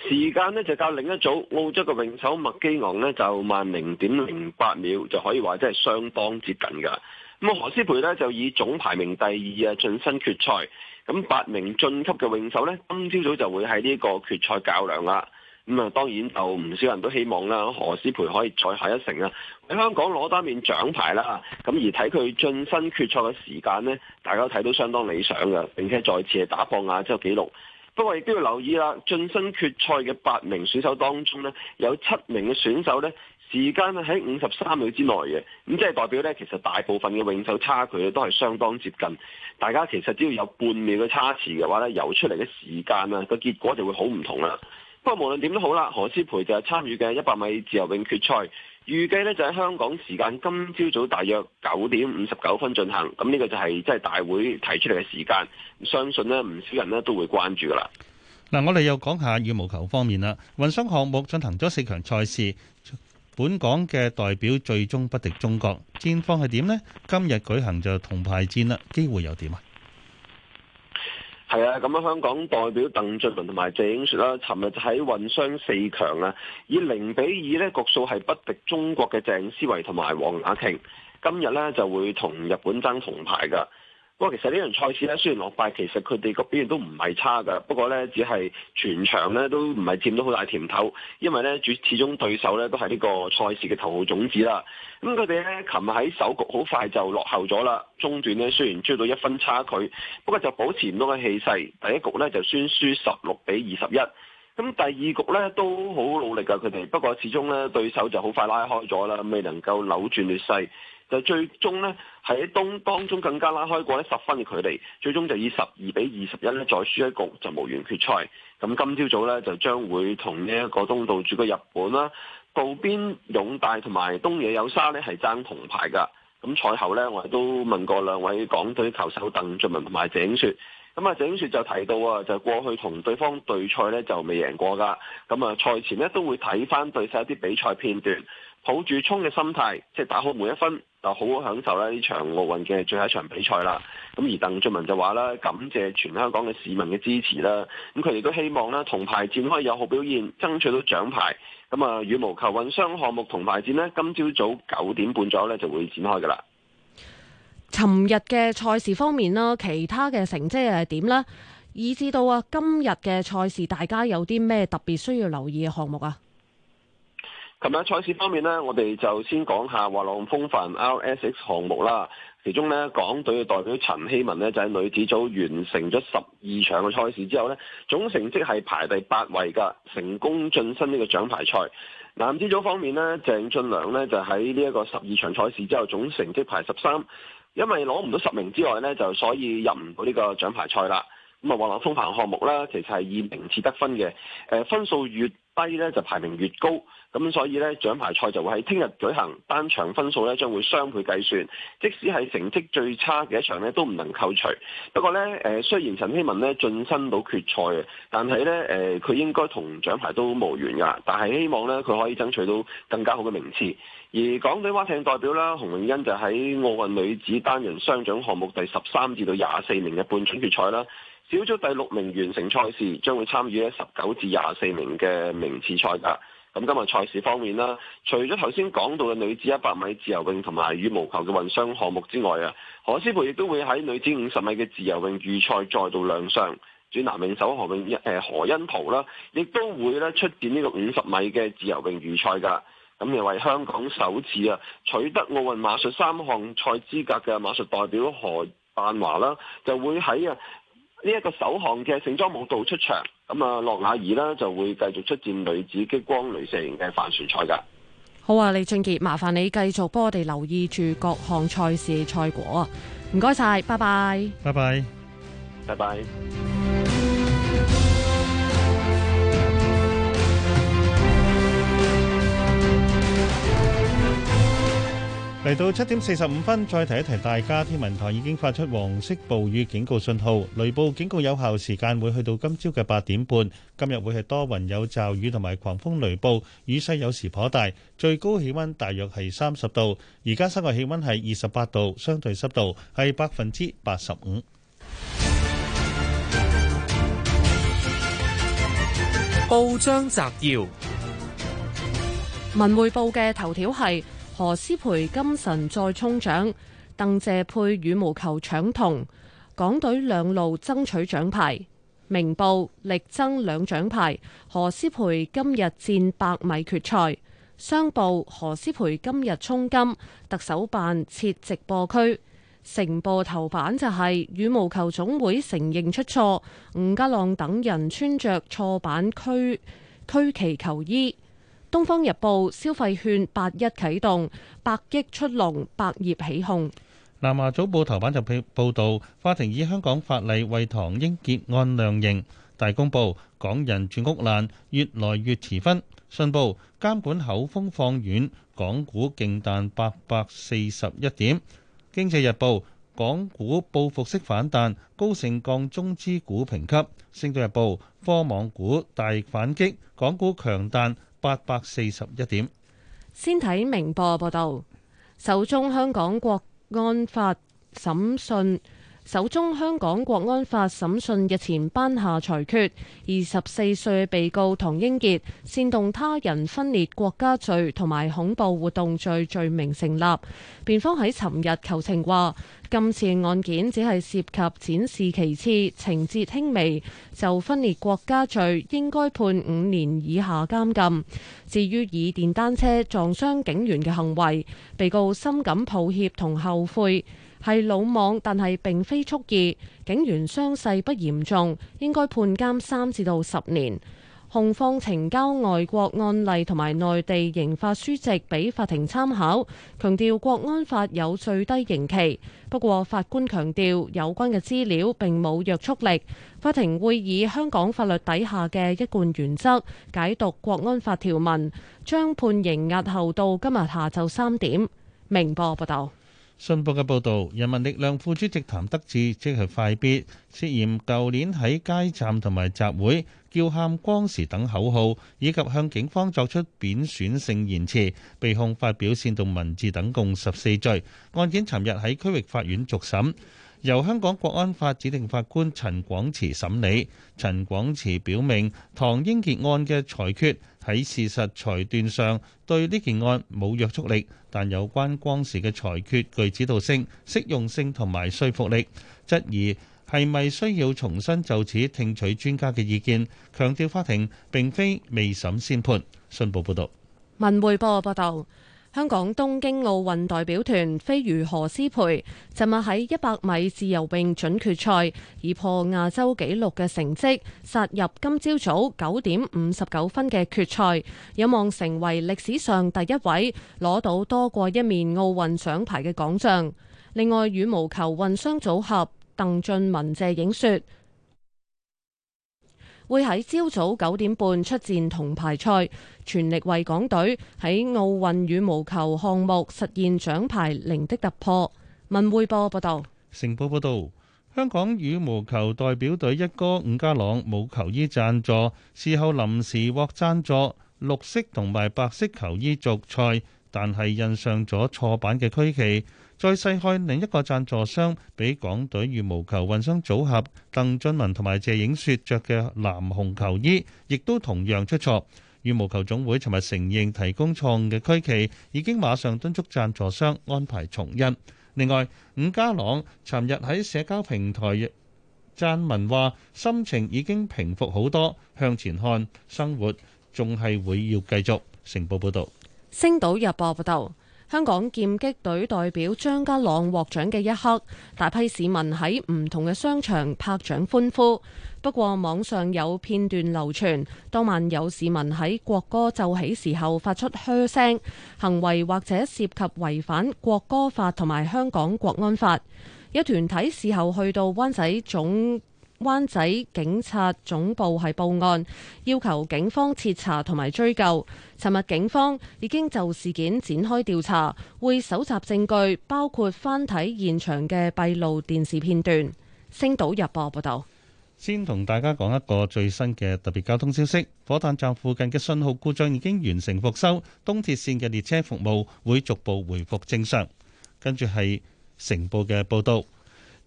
時間呢，就較另一組澳洲嘅泳手麥基昂呢，就慢零點零八秒，就可以話真係相當接近噶。咁何詩蓓咧，就以總排名第二啊，晉身決賽。咁八名晉級嘅泳手咧，今朝早就會喺呢個決賽較量啦。咁、嗯、啊，當然就唔少人都希望啦，何詩蓓可以再下一城啦，喺香港攞多面獎牌啦。咁而睇佢晉身決賽嘅時間咧，大家睇到相當理想嘅，並且再次係打破亞洲紀錄。不過亦都要留意啦，晉身決賽嘅八名選手當中咧，有七名嘅選手咧。時間喺五十三秒之內嘅，咁即係代表呢，其實大部分嘅泳手差距都係相當接近。大家其實只要有半秒嘅差池嘅話呢，游出嚟嘅時間啊，個結果就會好唔同啦。不過無論點都好啦，何詩蓓就係參與嘅一百米自由泳決賽，預計呢就喺香港時間今朝早大約九點五十九分進行。咁呢個就係即係大會提出嚟嘅時間，相信呢唔少人呢都會關注㗎啦。嗱、嗯，我哋又講下羽毛球方面啦，混雙項目進行咗四強賽事。本港嘅代表最終不敵中國，戰況係點呢？今日舉行就銅牌戰啦，機會又點啊？係啊，咁啊，香港代表鄧俊文同埋謝影雪啦，尋日就喺混雙四強啊，以零比二咧局數係不敵中國嘅鄭思維同埋黃雅瓊，今日呢，就會同日本爭銅牌噶。不過其實呢場賽事咧，雖然落敗，其實佢哋個表現都唔係差㗎。不過咧，只係全場咧都唔係佔到好大甜頭，因為咧始終對手咧都係呢個賽事嘅頭號種子啦。咁佢哋咧琴日喺首局好快就落後咗啦，中段咧雖然追到一分差距，不過就保持唔到嘅氣勢。第一局咧就先輸十六比二十一，咁第二局咧都好努力㗎，佢哋不過始終咧對手就好快拉開咗啦，未能夠扭轉劣勢。就最終咧，喺東當中更加拉開過咧十分嘅距離，最終就以十二比二十一咧再輸一局就無緣決賽。咁今朝早呢，就將會同呢一個東道主嘅日本啦，渡邊勇大同埋東野有沙呢係爭銅牌㗎。咁賽後呢，我哋都問過兩位港隊球手鄧俊文同埋謝影雪。咁啊，謝影雪就提到啊，就過去同對方對賽呢就未贏過㗎。咁啊，賽前呢都會睇返對手一啲比賽片段，抱住衝嘅心態，即係打好每一分。就好好享受啦！呢場奧運嘅最後一場比賽啦，咁而鄧俊文就話啦，感謝全香港嘅市民嘅支持啦，咁佢哋都希望呢銅牌戰可以有好表現，爭取到獎牌。咁啊，羽毛球混雙項目銅牌戰呢，今朝早九點半左右呢就會展開㗎啦。尋日嘅賽事方面啦，其他嘅成績係點呢？以至到啊，今日嘅賽事，大家有啲咩特別需要留意嘅項目啊？琴日賽事方面呢，我哋就先講下滑浪風帆 RSX 項目啦。其中呢，港隊嘅代表陳希文呢，就喺女子組完成咗十二場嘅賽事之後呢，總成績係排第八位㗎，成功晉身呢個獎牌賽。男子組方面呢，鄭俊良呢，就喺呢一個十二場賽事之後總成績排十三，因為攞唔到十名之外呢，就所以入唔到呢個獎牌賽啦。咁啊，滑浪風帆項目呢，其實係以名次得分嘅，誒、呃、分數越低呢，就排名越高。咁所以咧，獎牌賽就會喺聽日舉行，單場分數咧將會雙倍計算，即使係成績最差嘅一場咧都唔能扣除。不過咧，誒、呃、雖然陳希文咧晉身到決賽，但係咧誒佢應該同獎牌都無緣噶。但係、呃、希望咧佢可以爭取到更加好嘅名次。而港隊蛙艇代表啦，洪永恩就喺奧運女子單人雙槳項目第十三至到廿四名嘅半準決賽啦，小組第六名完成賽事，將會參與咧十九至廿四名嘅名次賽噶。咁今日賽事方面啦，除咗頭先講到嘅女子一百米自由泳同埋羽毛球嘅運商項目之外啊，何詩蓓亦都會喺女子五十米嘅自由泳預賽再度亮相。主男泳手何泳，誒何恩圖啦，亦都會咧出現呢個五十米嘅自由泳預賽㗎。咁亦為香港首次啊取得奧運馬術三項賽資格嘅馬術代表何柏華啦，就會喺啊呢一個首項嘅盛裝舞步出場。咁啊，洛雅怡啦就會繼續出戰女子激光鐳射型嘅帆船賽㗎。好啊，李俊傑，麻煩你繼續幫我哋留意住各項賽事賽果啊！唔該晒，拜拜。拜拜，拜拜。拜拜。嚟到七點四十五分，再提一提大家，天文台已經發出黃色暴雨警告信號，雷暴警告有效時間會去到今朝嘅八點半。今日會係多雲有驟雨同埋狂風雷暴，雨勢有時頗大，最高氣温大約係三十度。而家室外氣温係二十八度，相對濕度係百分之八十五。報章摘要，文匯報嘅頭條係。何詩蓓今晨再沖獎，鄧謝配羽毛球搶銅，港隊兩路爭取獎牌。明報力爭兩獎牌，何詩蓓今日戰百米決賽。商報何詩蓓今日沖金，特首辦設直播區。成報頭版就係、是、羽毛球總會承認出錯，吳家朗等人穿着錯版區區旗球衣。《東方日報》消費券八一啟動，百億出籠，百業起哄。《南華早報》頭版就報報道，法庭以香港法例為唐英杰案量刑。《大公報》港人轉屋難，越來越遲婚。《信報》監管口風放軟，港股勁彈八百四十一點。《經濟日報》港股報復式反彈，高盛降中資股評級。《星島日報》科網股大反擊，港股強彈。八百四十一點。先睇明報報道，首宗香港國安法審訊。首宗香港國安法審訊日前頒下裁決，二十四歲被告唐英傑煽動他人分裂國家罪同埋恐怖活動罪罪名成立。辯方喺尋日求情話，今次案件只係涉及展示旗幟，情節輕微，就分裂國家罪應該判五年以下監禁。至於以電單車撞傷警員嘅行為，被告深感抱歉同後悔。係魯莽，但係並非蓄意。警員傷勢不嚴重，應該判監三至到十年。控方呈交外國案例同埋內地刑法書籍俾法庭參考，強調國安法有最低刑期。不過法官強調，有關嘅資料並冇約束力。法庭會以香港法律底下嘅一貫原則解讀國安法條文，將判刑押後到今日下晝三點。明波報道。信報嘅報導，人民力量副主席譚得志即係快必涉嫌舊年喺街站同埋集會叫喊光時等口號，以及向警方作出貶損性言辭，被控發表煽動文字等共十四罪。案件尋日喺區域法院續審，由香港國安法指定法官陳廣池審理。陳廣池表明，唐英傑案嘅裁決喺事實裁斷上對呢件案冇約束力，但有關光時嘅裁決具指導性、適用性同埋說服力，質疑係咪需要重新就此聽取專家嘅意見，強調法庭並非未審先判。信報報道。文匯報報道。香港東京奧運代表團飛魚何詩蓓，尋日喺一百米自由泳準決賽以破亞洲紀錄嘅成績殺入今朝早九點五十九分嘅決賽，有望成為歷史上第一位攞到多過一面奧運獎牌嘅港將。另外，羽毛球混雙組合鄧俊文、謝影雪會喺朝早九點半出戰銅牌賽。全力為港隊喺奧運羽毛球項目實現獎牌零的突破。文匯報報道，成報報道，香港羽毛球代表隊一哥伍家朗冇球衣贊助，事後臨時獲贊助綠色同埋白色球衣續賽，但係印上咗錯版嘅區旗。再細看另一個贊助商俾港隊羽毛球混雙組合鄧俊文同埋謝影雪着嘅藍紅球衣，亦都同樣出錯。羽毛球總會尋日承認提供錯誤嘅區旗，已經馬上敦促贊助商安排重印。另外，伍家朗尋日喺社交平台撰文話，心情已經平復好多，向前看，生活仲係會要繼續。成報報道，星島日報報道：「香港劍擊隊代表張家朗獲獎嘅一刻，大批市民喺唔同嘅商場拍掌歡呼。不過，網上有片段流傳，當晚有市民喺國歌奏起時候發出噓聲行為，或者涉及違反國歌法同埋香港國安法。有團體事後去到灣仔總灣仔警察總部係報案，要求警方徹查同埋追究。尋日警方已經就事件展開調查，會搜集證據，包括翻睇現場嘅閉路電視片段。星島日報報道。先同大家講一個最新嘅特別交通消息，火炭站附近嘅信號故障已經完成復修，東鐵線嘅列車服務會逐步回復正常。跟住係成報嘅報導，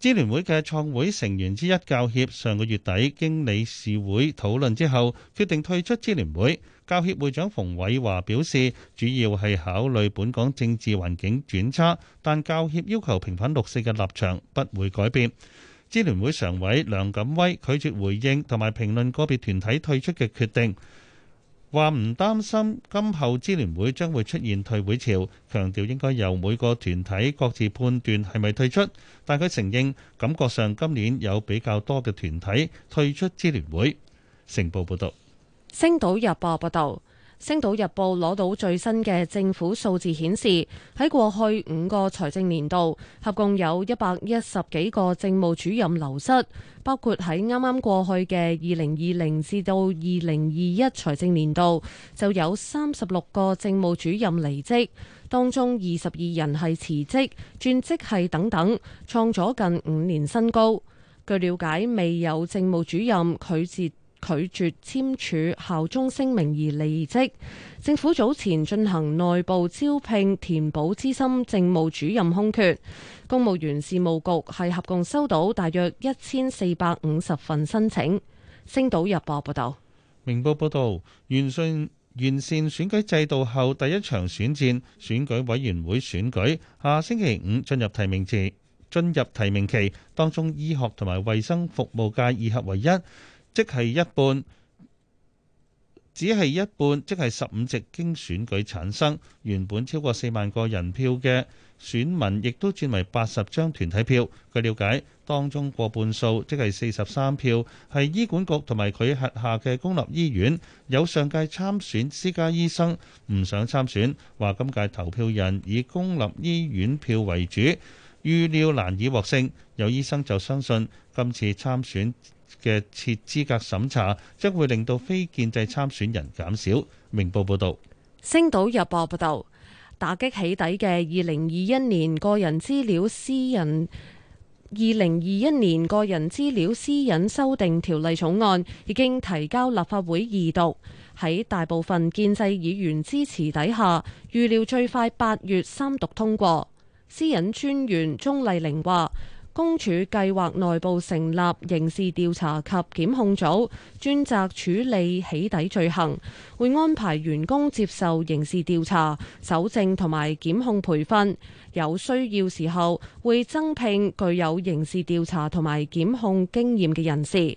支聯會嘅創會成員之一教協上個月底經理事會討論之後，決定退出支聯會。教協會長馮偉華表示，主要係考慮本港政治環境轉差，但教協要求平反六四嘅立場不會改變。支聯會常委梁錦威拒絕回應同埋評論個別團體退出嘅決定，話唔擔心今後支聯會將會出現退會潮，強調應該由每個團體各自判斷係咪退出，但佢承認感覺上今年有比較多嘅團體退出支聯會。成報報道，星島日報報道。《星島日報》攞到最新嘅政府數字顯示，喺過去五個財政年度，合共有一百一十幾個政務主任流失，包括喺啱啱過去嘅二零二零至到二零二一財政年度，就有三十六個政務主任離職，當中二十二人係辭職、轉職係等等，創咗近五年新高。據了解，未有政務主任拒絕。拒絕簽署效忠聲明而離職。政府早前進行內部招聘，填補資深政務主任空缺。公務員事務局係合共收到大約一千四百五十份申請。星島日報報道：「明報報道，完善完善選舉制度後第一場選戰，選舉委員會選舉下星期五進入提名期，進入提名期，當中醫學同埋衛生服務界二合為一。即係一半，只係一半，即係十五席經選舉產生。原本超過四萬個人票嘅選民，亦都轉為八十張團體票。據了解，當中過半數，即係四十三票，係醫管局同埋佢轄下嘅公立醫院，有上屆參選私家醫生唔想參選，話今屆投票人以公立醫院票為主，預料難以獲勝。有醫生就相信今次參選。嘅設資格審查將會令到非建制參選人減少。明報報道，《星島日報》報道，打擊起底嘅二零二一年個人資料私隱二零二一年個人資料私隱修訂條例草案已經提交立法會二讀，喺大部分建制議員支持底下，預料最快八月三讀通過。私隱專員鍾麗玲話。公署計劃內部成立刑事調查及檢控組，專責處理起底罪行。會安排員工接受刑事調查、搜證同埋檢控培訓。有需要時候會增聘具有刑事調查同埋檢控經驗嘅人士。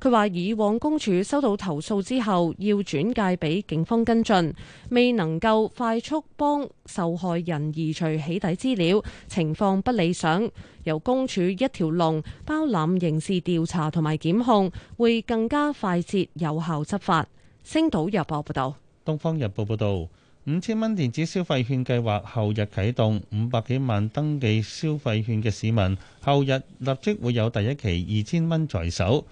佢話：以往公署收到投訴之後，要轉介俾警方跟進，未能夠快速幫受害人移除起底資料，情況不理想。由公署一條龍包攬刑事調查同埋檢控，會更加快捷有效執法。《星島日報》報道。《東方日報》報道，五千蚊電子消費券計劃後日啟動，五百幾萬登記消費券嘅市民後日立即會有第一期二千蚊在手。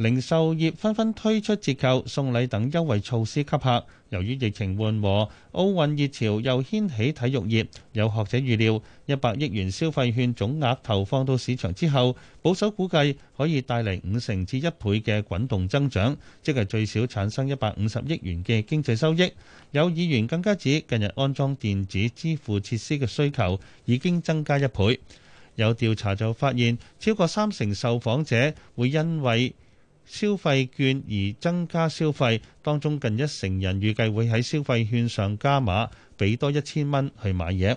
零售業紛紛推出折扣、送禮等優惠措施吸客。由於疫情緩和，奧運熱潮又掀起體育業。有學者預料，一百億元消費券總額投放到市場之後，保守估計可以帶嚟五成至一倍嘅滾動增長，即係最少產生一百五十億元嘅經濟收益。有議員更加指，近日安裝電子支付設施嘅需求已經增加一倍。有調查就發現，超過三成受訪者會因為消費券而增加消費，當中近一成人預計會喺消費券上加碼，俾多一千蚊去買嘢。《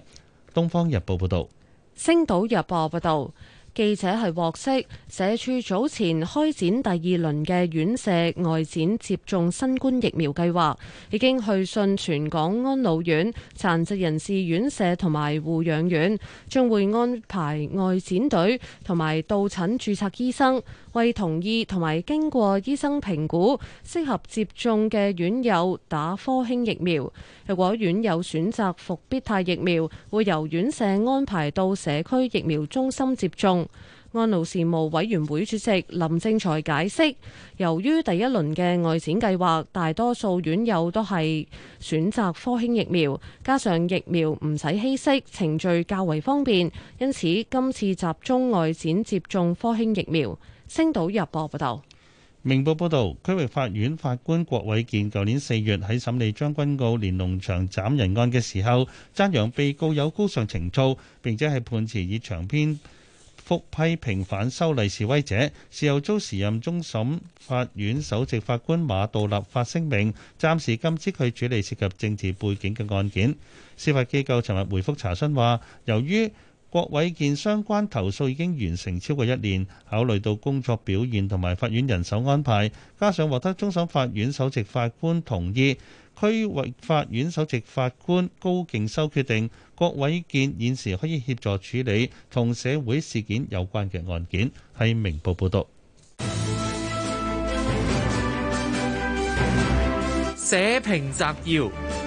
東方日報》報道，《星島日報》報道，記者係獲悉，社署早前開展第二輪嘅院舍外展接種新冠疫苗計劃，已經去信全港安老院、殘疾人士院舍同埋護養院，將會安排外展隊同埋到診註冊醫生。為同意同埋經過醫生評估，適合接種嘅院友打科興疫苗。如果院友選擇複必泰疫苗，會由院舍安排到社區疫苗中心接種。安老事務委員會主席林正財解釋，由於第一輪嘅外展計劃，大多數院友都係選擇科興疫苗，加上疫苗唔使稀釋，程序較為方便，因此今次集中外展接種科興疫苗。星島日報報道，明報報道，區域法院法官郭偉健舊年四月喺審理將軍澳連龍場斬人案嘅時候，讚揚被告有高尚情操，並且系判詞以長篇幅批評反修例示威者，事後遭時任終審法院首席法官馬道立發聲明，暫時禁止佢處理涉及政治背景嘅案件。司法機構尋日回覆查詢話，由於郭偉健相關投訴已經完成超過一年，考慮到工作表現同埋法院人手安排，加上獲得終審法院首席法官同意，區域法院首席法官高敬修決定，郭偉健現時可以協助處理同社會事件有關嘅案件。係明報報道，社評摘要。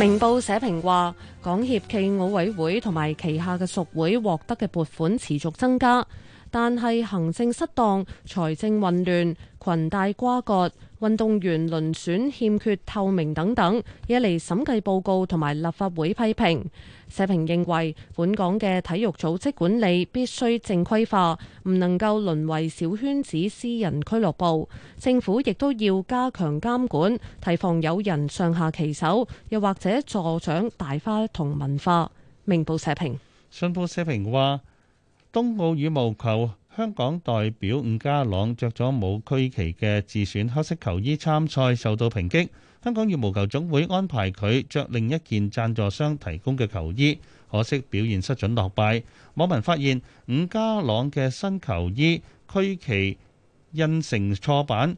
明報社評話，港協暨奧委會同埋旗下嘅屬會獲得嘅撥款持續增加，但係行政失當、財政混亂、裙帶瓜葛。運動員遴選欠缺透明等等，惹嚟審計報告同埋立法會批評。社評認為，本港嘅體育組織管理必須正規化，唔能夠淪為小圈子私人俱樂部。政府亦都要加強監管，提防有人上下其手，又或者助長大花筒文化。明報社評。信報社評話，東奧羽毛球，香港代表伍家朗着咗冇區旗嘅自選黑色球衣參賽受到抨擊，香港羽毛球總會安排佢着另一件贊助商提供嘅球衣，可惜表現失準落敗，網民發現伍家朗嘅新球衣區旗印成錯版，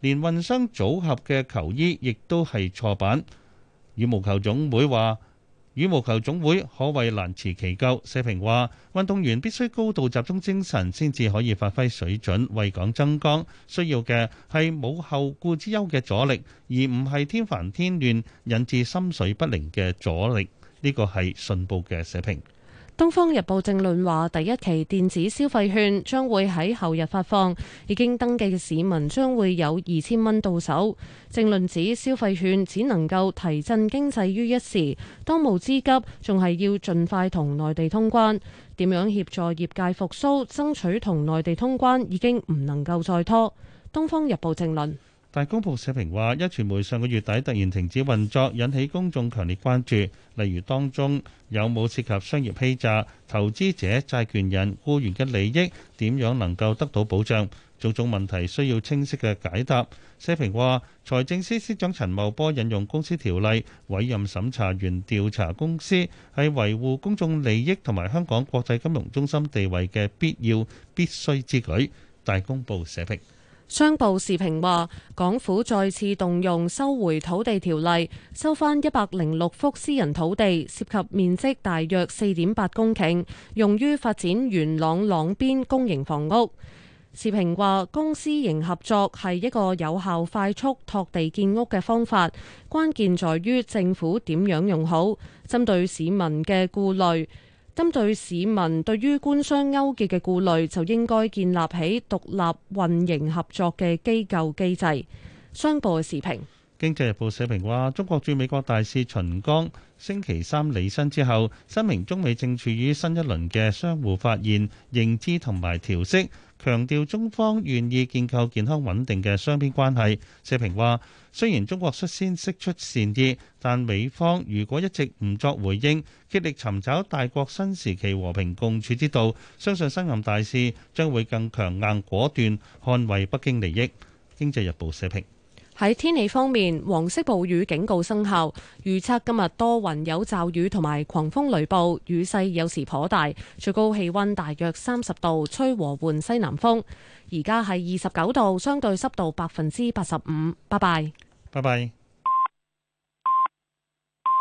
連運生組合嘅球衣亦都係錯版。羽毛球總會話。羽毛球總會可謂難辭其咎。社評話，運動員必須高度集中精神，先至可以發揮水準，為港爭光。需要嘅係冇後顧之憂嘅阻力，而唔係添煩添亂引致心水不寧嘅阻力。呢個係信報嘅社評。《東方日報》正論話，第一期電子消費券將會喺後日發放，已經登記嘅市民將會有二千蚊到手。正論指消費券只能夠提振經濟於一時，當務之急仲係要盡快同內地通關。點樣協助業界復甦，爭取同內地通關已經唔能夠再拖。《東方日報》正論。大公報社評話，壹傳媒上個月底突然停止運作，引起公眾強烈關注。例如當中有冇涉及商業欺詐、投資者、債權人、雇員嘅利益點樣能夠得到保障？種種問題需要清晰嘅解答。社評話，財政司司長陳茂波引用公司條例委任審查員調查公司，係維護公眾利益同埋香港國際金融中心地位嘅必要必須之舉。大公報社評。商報時評話，港府再次動用收回土地條例，收翻，一百零六幅私人土地，涉及面積大約四點八公頃，用於發展元朗朗邊公營房屋。時評話，公私營合作係一個有效快速拓地建屋嘅方法，關鍵在於政府點樣用好。針對市民嘅顧慮。針對市民對於官商勾結嘅顧慮，就應該建立起獨立運營合作嘅機構機制。商報嘅時評，經濟日報社評話，中國駐美國大使秦剛星期三離身之後，聲明中美正處於新一輪嘅相互發現、認知同埋調適。強調中方願意建構健康穩定嘅雙邊關係。社評話：雖然中國率先釋出善意，但美方如果一直唔作回應，竭力尋找大國新時期和平共處之道，相信新任大使將會更強硬果斷捍衛北京利益。經濟日報社評。喺天氣方面，黃色暴雨警告生效，預測今日多雲有驟雨同埋狂風雷暴，雨勢有時頗大，最高氣温大約三十度，吹和緩西南風。而家係二十九度，相對濕度百分之八十五。拜拜，拜拜。